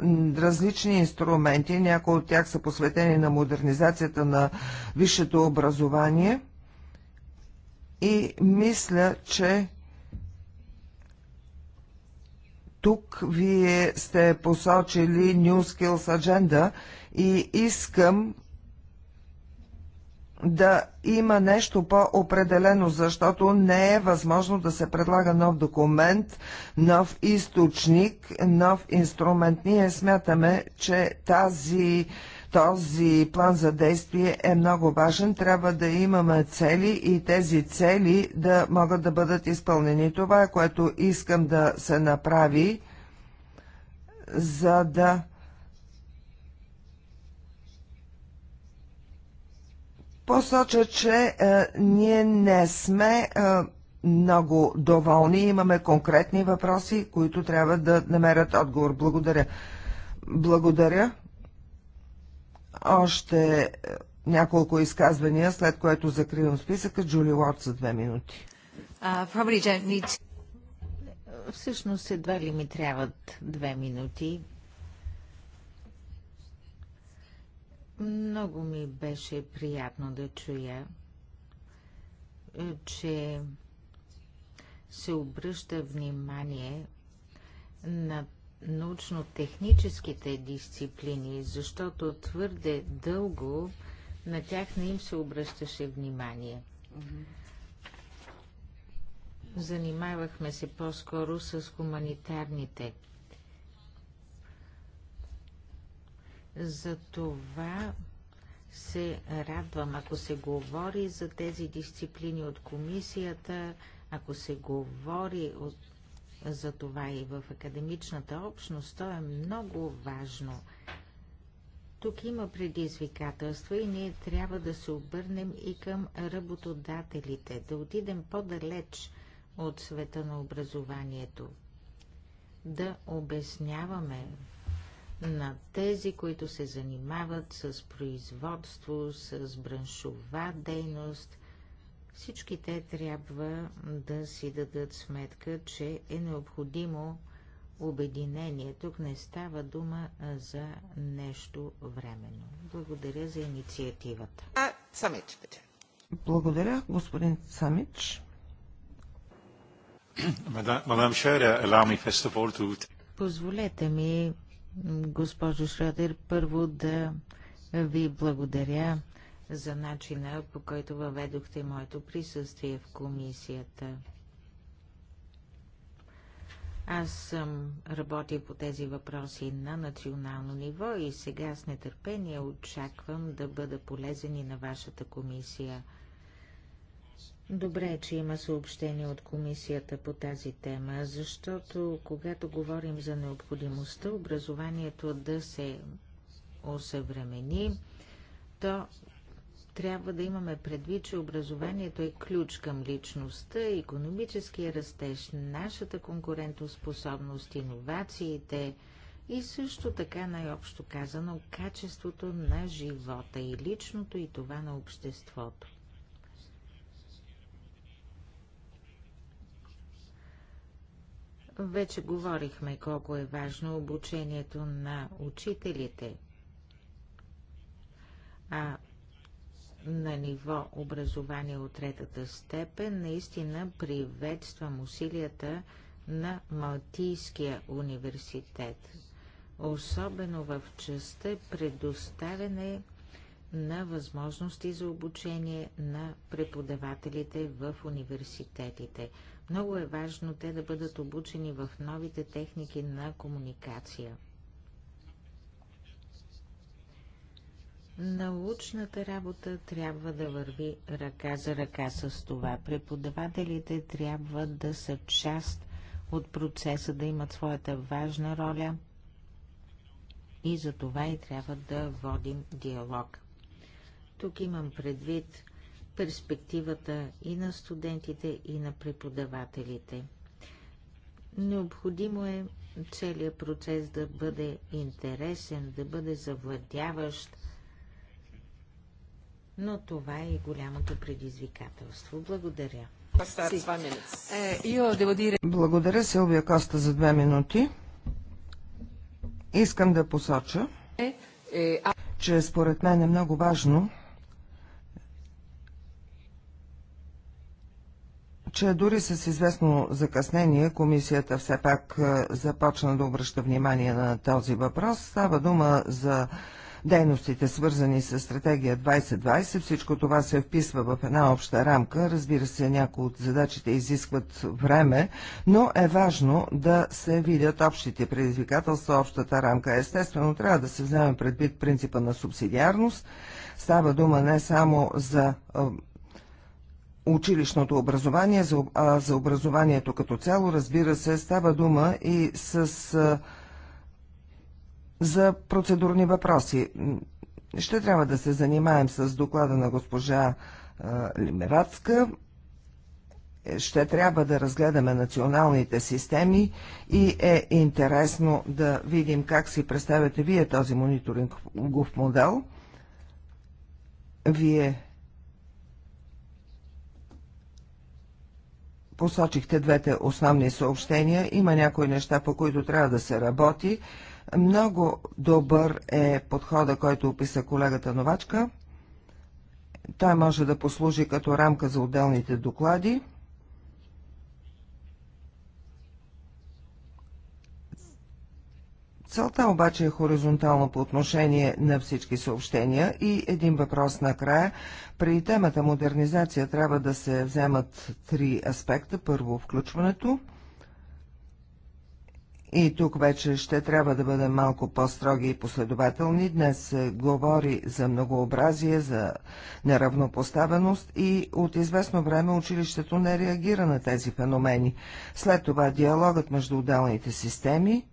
различни инструменти, някои от тях са посветени на модернизацията на висшето образование и мисля, че тук вие сте посочили New Skills Agenda и искам да има нещо по-определено, защото не е възможно да се предлага нов документ, нов източник, нов инструмент. Ние смятаме, че тази този план за действие е много важен. Трябва да имаме цели и тези цели да могат да бъдат изпълнени. Това е което искам да се направи, за да посоча, че а, е, ние не сме а, е, много доволни. Имаме конкретни въпроси, които трябва да намерят отговор. Благодаря. Благодаря. Още е, няколко изказвания, след което закривам списъка. Джули Уорд за две минути. Uh, Всъщност едва ли ми трябват две минути. Много ми беше приятно да чуя, е, че се обръща внимание на научно-техническите дисциплини, защото твърде дълго на тях не им се обръщаше внимание. Занимавахме се по-скоро с хуманитарните За това се радвам, ако се говори за тези дисциплини от комисията, ако се говори от... за това и в академичната общност, то е много важно. Тук има предизвикателства и ние трябва да се обърнем и към работодателите, да отидем по-далеч от света на образованието, да обясняваме на тези, които се занимават с производство, с браншова дейност. Всички те трябва да си дадат сметка, че е необходимо обединение. Тук не става дума за нещо временно. Благодаря за инициативата. А, самич, Благодаря, господин Самич. Позволете ми госпожо Шрадер, първо да ви благодаря за начина, по който въведохте моето присъствие в комисията. Аз съм работил по тези въпроси на национално ниво и сега с нетърпение очаквам да бъда полезен и на вашата комисия – Добре е, че има съобщение от комисията по тази тема, защото когато говорим за необходимостта образованието да се осъвремени, то трябва да имаме предвид, че образованието е ключ към личността, економическия растеж, нашата конкурентоспособност, иновациите и също така най-общо казано качеството на живота и личното и това на обществото. Вече говорихме колко е важно обучението на учителите, а на ниво образование от третата степен, наистина приветствам усилията на Малтийския университет, особено в частта предоставяне на възможности за обучение на преподавателите в университетите. Много е важно те да бъдат обучени в новите техники на комуникация. Научната работа трябва да върви ръка за ръка с това. Преподавателите трябва да са част от процеса, да имат своята важна роля и за това и трябва да водим диалог. Тук имам предвид перспективата и на студентите, и на преподавателите. Необходимо е целият процес да бъде интересен, да бъде завладяващ, но това е и голямото предизвикателство. Благодаря. Е, Благодаря, Силвия Коста, за две минути. Искам да посоча, е, е, че според мен е много важно че дори с известно закъснение комисията все пак е, започна да обръща внимание на този въпрос. Става дума за дейностите, свързани с стратегия 2020. Всичко това се вписва в една обща рамка. Разбира се, някои от задачите изискват време, но е важно да се видят общите предизвикателства, общата рамка. Естествено, трябва да се вземе предвид принципа на субсидиарност. Става дума не само за е, училищното образование, за, а за образованието като цяло, разбира се, става дума и с, за процедурни въпроси. Ще трябва да се занимаем с доклада на госпожа Лимерацка. Ще трябва да разгледаме националните системи и е интересно да видим как си представяте вие този мониторингов модел. Вие посочихте двете основни съобщения. Има някои неща, по които трябва да се работи. Много добър е подхода, който описа колегата Новачка. Той може да послужи като рамка за отделните доклади. Целта обаче е хоризонтално по отношение на всички съобщения и един въпрос накрая. При темата модернизация трябва да се вземат три аспекта. Първо включването. И тук вече ще трябва да бъдем малко по-строги и последователни. Днес се говори за многообразие, за неравнопоставеност и от известно време училището не реагира на тези феномени. След това диалогът между отделните системи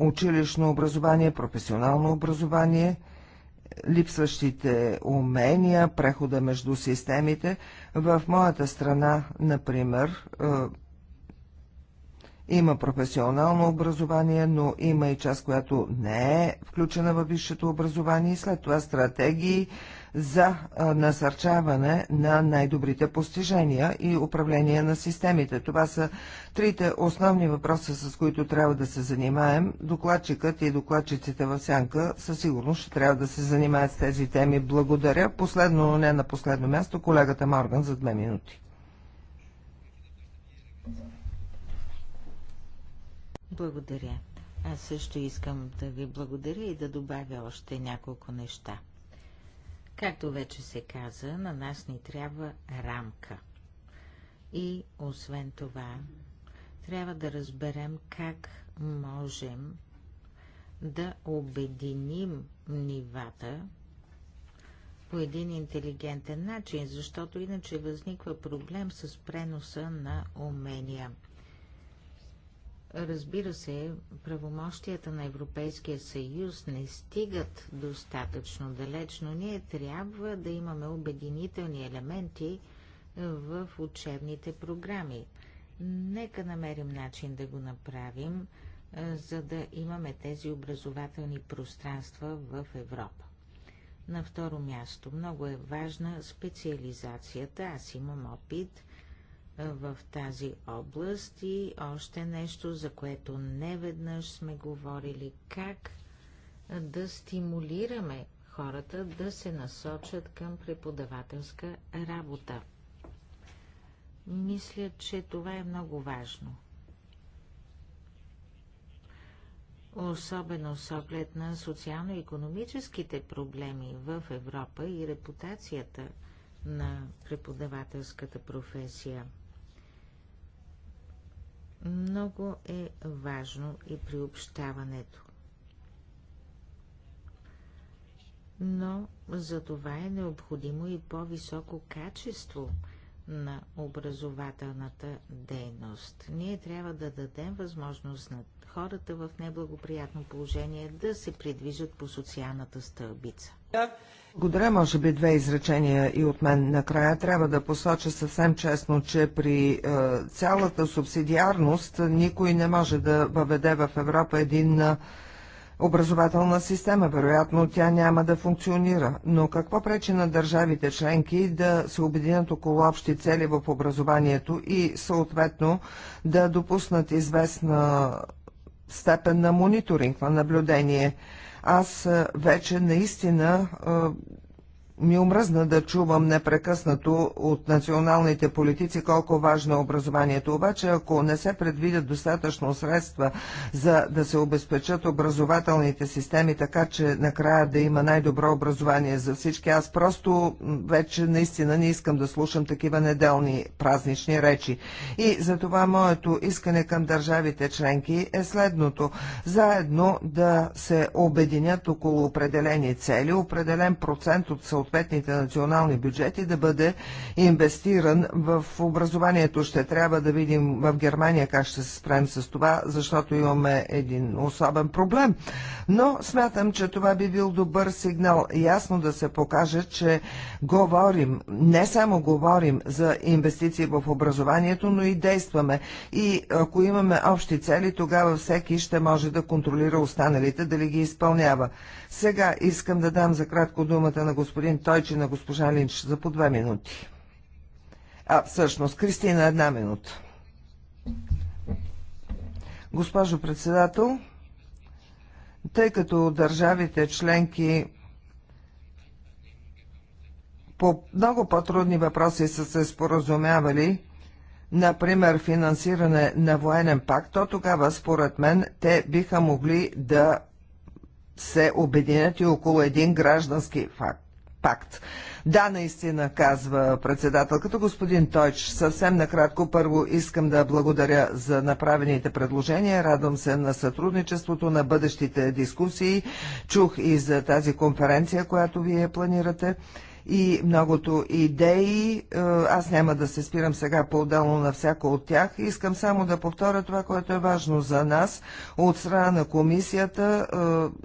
училищно образование, професионално образование, липсващите умения, прехода между системите. В моята страна, например, е, има професионално образование, но има и част, която не е включена във висшето образование и след това стратегии, за насърчаване на най-добрите постижения и управление на системите. Това са трите основни въпроса, с които трябва да се занимаем. Докладчикът и докладчиците в сянка със сигурност ще трябва да се занимаят с тези теми. Благодаря. Последно, но не на последно място, колегата Морган за две минути. Благодаря. Аз също искам да ви благодаря и да добавя още няколко неща. Както вече се каза, на нас ни трябва рамка. И освен това, трябва да разберем как можем да обединим нивата по един интелигентен начин, защото иначе възниква проблем с преноса на умения – Разбира се, правомощията на Европейския съюз не стигат достатъчно далеч, но ние трябва да имаме обединителни елементи в учебните програми. Нека намерим начин да го направим, за да имаме тези образователни пространства в Европа. На второ място, много е важна специализацията. Аз имам опит – в тази област и още нещо, за което не веднъж сме говорили, как да стимулираме хората да се насочат към преподавателска работа. Мисля, че това е много важно. Особено с оглед на социално-економическите проблеми в Европа и репутацията на преподавателската професия – много е важно и приобщаването. Но за това е необходимо и по-високо качество – на образователната дейност. Ние трябва да дадем възможност на хората в неблагоприятно положение да се придвижат по социалната стълбица. Благодаря, може би две изречения и от мен накрая. Трябва да посоча съвсем честно, че при е, цялата субсидиарност никой не може да въведе в Европа един е, образователна система. Вероятно тя няма да функционира. Но какво пречи на държавите членки да се обединят около общи цели в образованието и съответно да допуснат известна степен на мониторинг, на наблюдение? Аз е, вече наистина е, ми омръзна да чувам непрекъснато от националните политици колко важно е образованието. Обаче, ако не се предвидят достатъчно средства за да се обезпечат образователните системи, така че накрая да има най-добро образование за всички, аз просто вече наистина не искам да слушам такива неделни празнични речи. И за това моето искане към държавите членки е следното. Заедно да се обединят около определени цели, определен процент от съответните съответните национални бюджети да бъде инвестиран в образованието. Ще трябва да видим в Германия как ще се справим с това, защото имаме един особен проблем. Но смятам, че това би бил добър сигнал. Ясно да се покаже, че говорим, не само говорим за инвестиции в образованието, но и действаме. И ако имаме общи цели, тогава всеки ще може да контролира останалите дали ги изпълнява. Сега искам да дам за кратко думата на господин Тойче на госпожа Линч за по две минути. А, всъщност, Кристина, една минута. Госпожо председател, тъй като държавите членки по много по-трудни въпроси са се споразумявали, например финансиране на военен пакт, то тогава според мен те биха могли да се обединят и около един граждански факт, пакт. Да, наистина, казва председателката. Господин Тойч, съвсем накратко първо искам да благодаря за направените предложения. Радвам се на сътрудничеството, на бъдещите дискусии. Чух и за тази конференция, която вие планирате и многото идеи. Е, аз няма да се спирам сега по-отделно на всяко от тях. Искам само да повторя това, което е важно за нас от страна на комисията, е,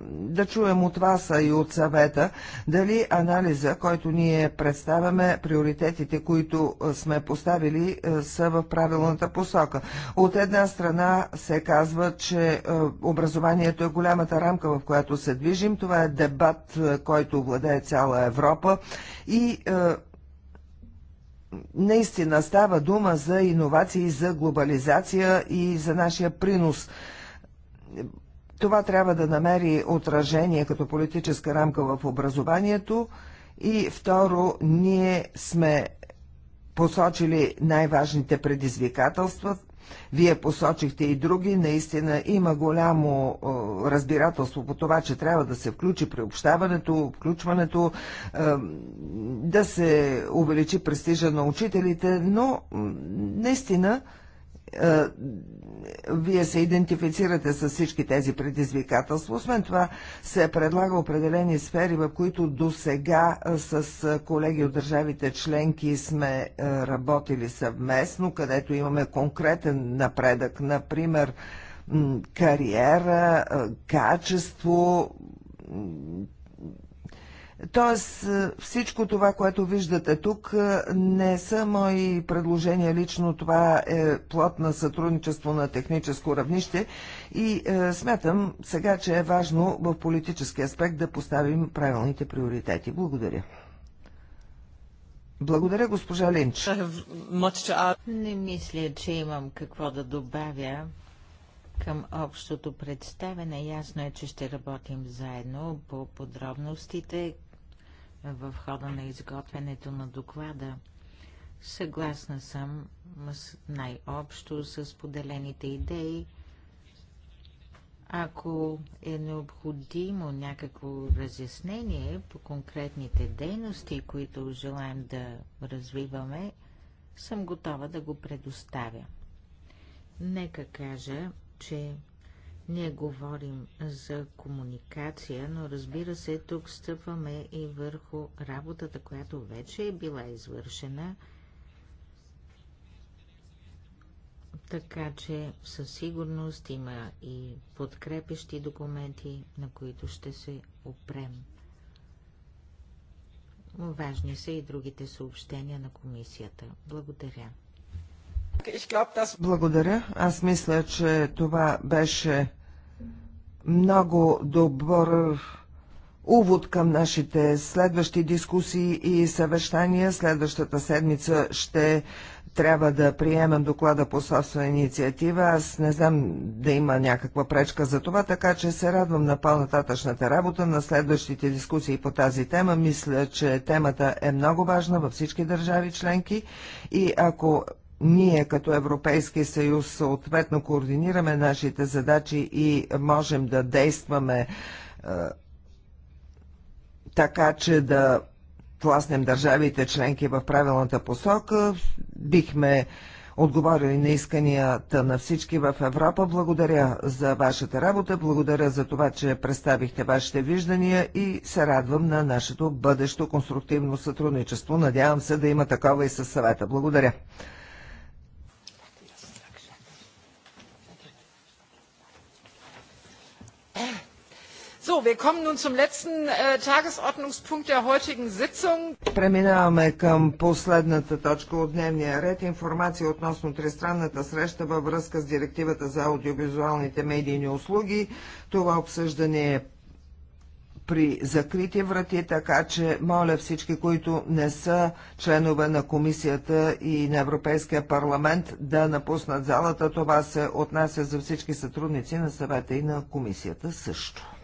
да чуем от вас и от съвета, дали анализа, който ние представяме, приоритетите, които е, сме поставили, са в правилната посока. От една страна се казва, че образованието е голямата рамка, в която се движим. Това е дебат, който владее цяла Европа и е, наистина става дума за иновации, за глобализация и за нашия принос. Това трябва да намери отражение като политическа рамка в образованието. И второ, ние сме посочили най-важните предизвикателства вие посочихте и други. Наистина има голямо разбирателство по това, че трябва да се включи приобщаването, включването, да се увеличи престижа на учителите, но наистина е, вие се идентифицирате с всички тези предизвикателства. Освен това се предлага определени сфери, в които до сега е, с е, колеги от държавите членки сме работили съвместно, където имаме конкретен напредък, например кариера, качество, Тоест е, всичко това, което виждате тук, е, не са мои предложения лично, това е плод на сътрудничество на техническо равнище и е, смятам сега, че е важно в политически аспект да поставим правилните приоритети. Благодаря. Благодаря, госпожа Линч. Не мисля, че имам какво да добавя към общото представене. Ясно е, че ще работим заедно по подробностите, в хода на изготвянето на доклада. Съгласна съм най-общо с поделените идеи. Ако е необходимо някакво разяснение по конкретните дейности, които желаем да развиваме, съм готова да го предоставя. Нека кажа, че ние говорим за комуникация, но разбира се, тук стъпваме и върху работата, която вече е била извършена. Така че със сигурност има и подкрепещи документи, на които ще се опрем. Важни са и другите съобщения на комисията. Благодаря. Благодаря. Аз мисля, че това беше много добър увод към нашите следващи дискусии и съвещания. Следващата седмица ще трябва да приемем доклада по собствена инициатива. Аз не знам да има някаква пречка за това, така че се радвам на по-нататъчната работа, на следващите дискусии по тази тема. Мисля, че темата е много важна във всички държави членки и ако ние като Европейски съюз съответно координираме нашите задачи и можем да действаме е, така, че да тласнем държавите членки в правилната посока, бихме отговорили на исканията на всички в Европа. Благодаря за вашата работа, благодаря за това, че представихте вашите виждания и се радвам на нашето бъдещо конструктивно сътрудничество. Надявам се да има такова и със съвета. Благодаря. Äh, Преминаваме към последната точка от дневния ред. Информация относно тристранната среща във връзка с директивата за аудиовизуалните медийни услуги. Това обсъждане е при закрити врати, така че моля всички, които не са членове на комисията и на Европейския парламент да напуснат залата. Това се отнася за всички сътрудници на съвета и на комисията също.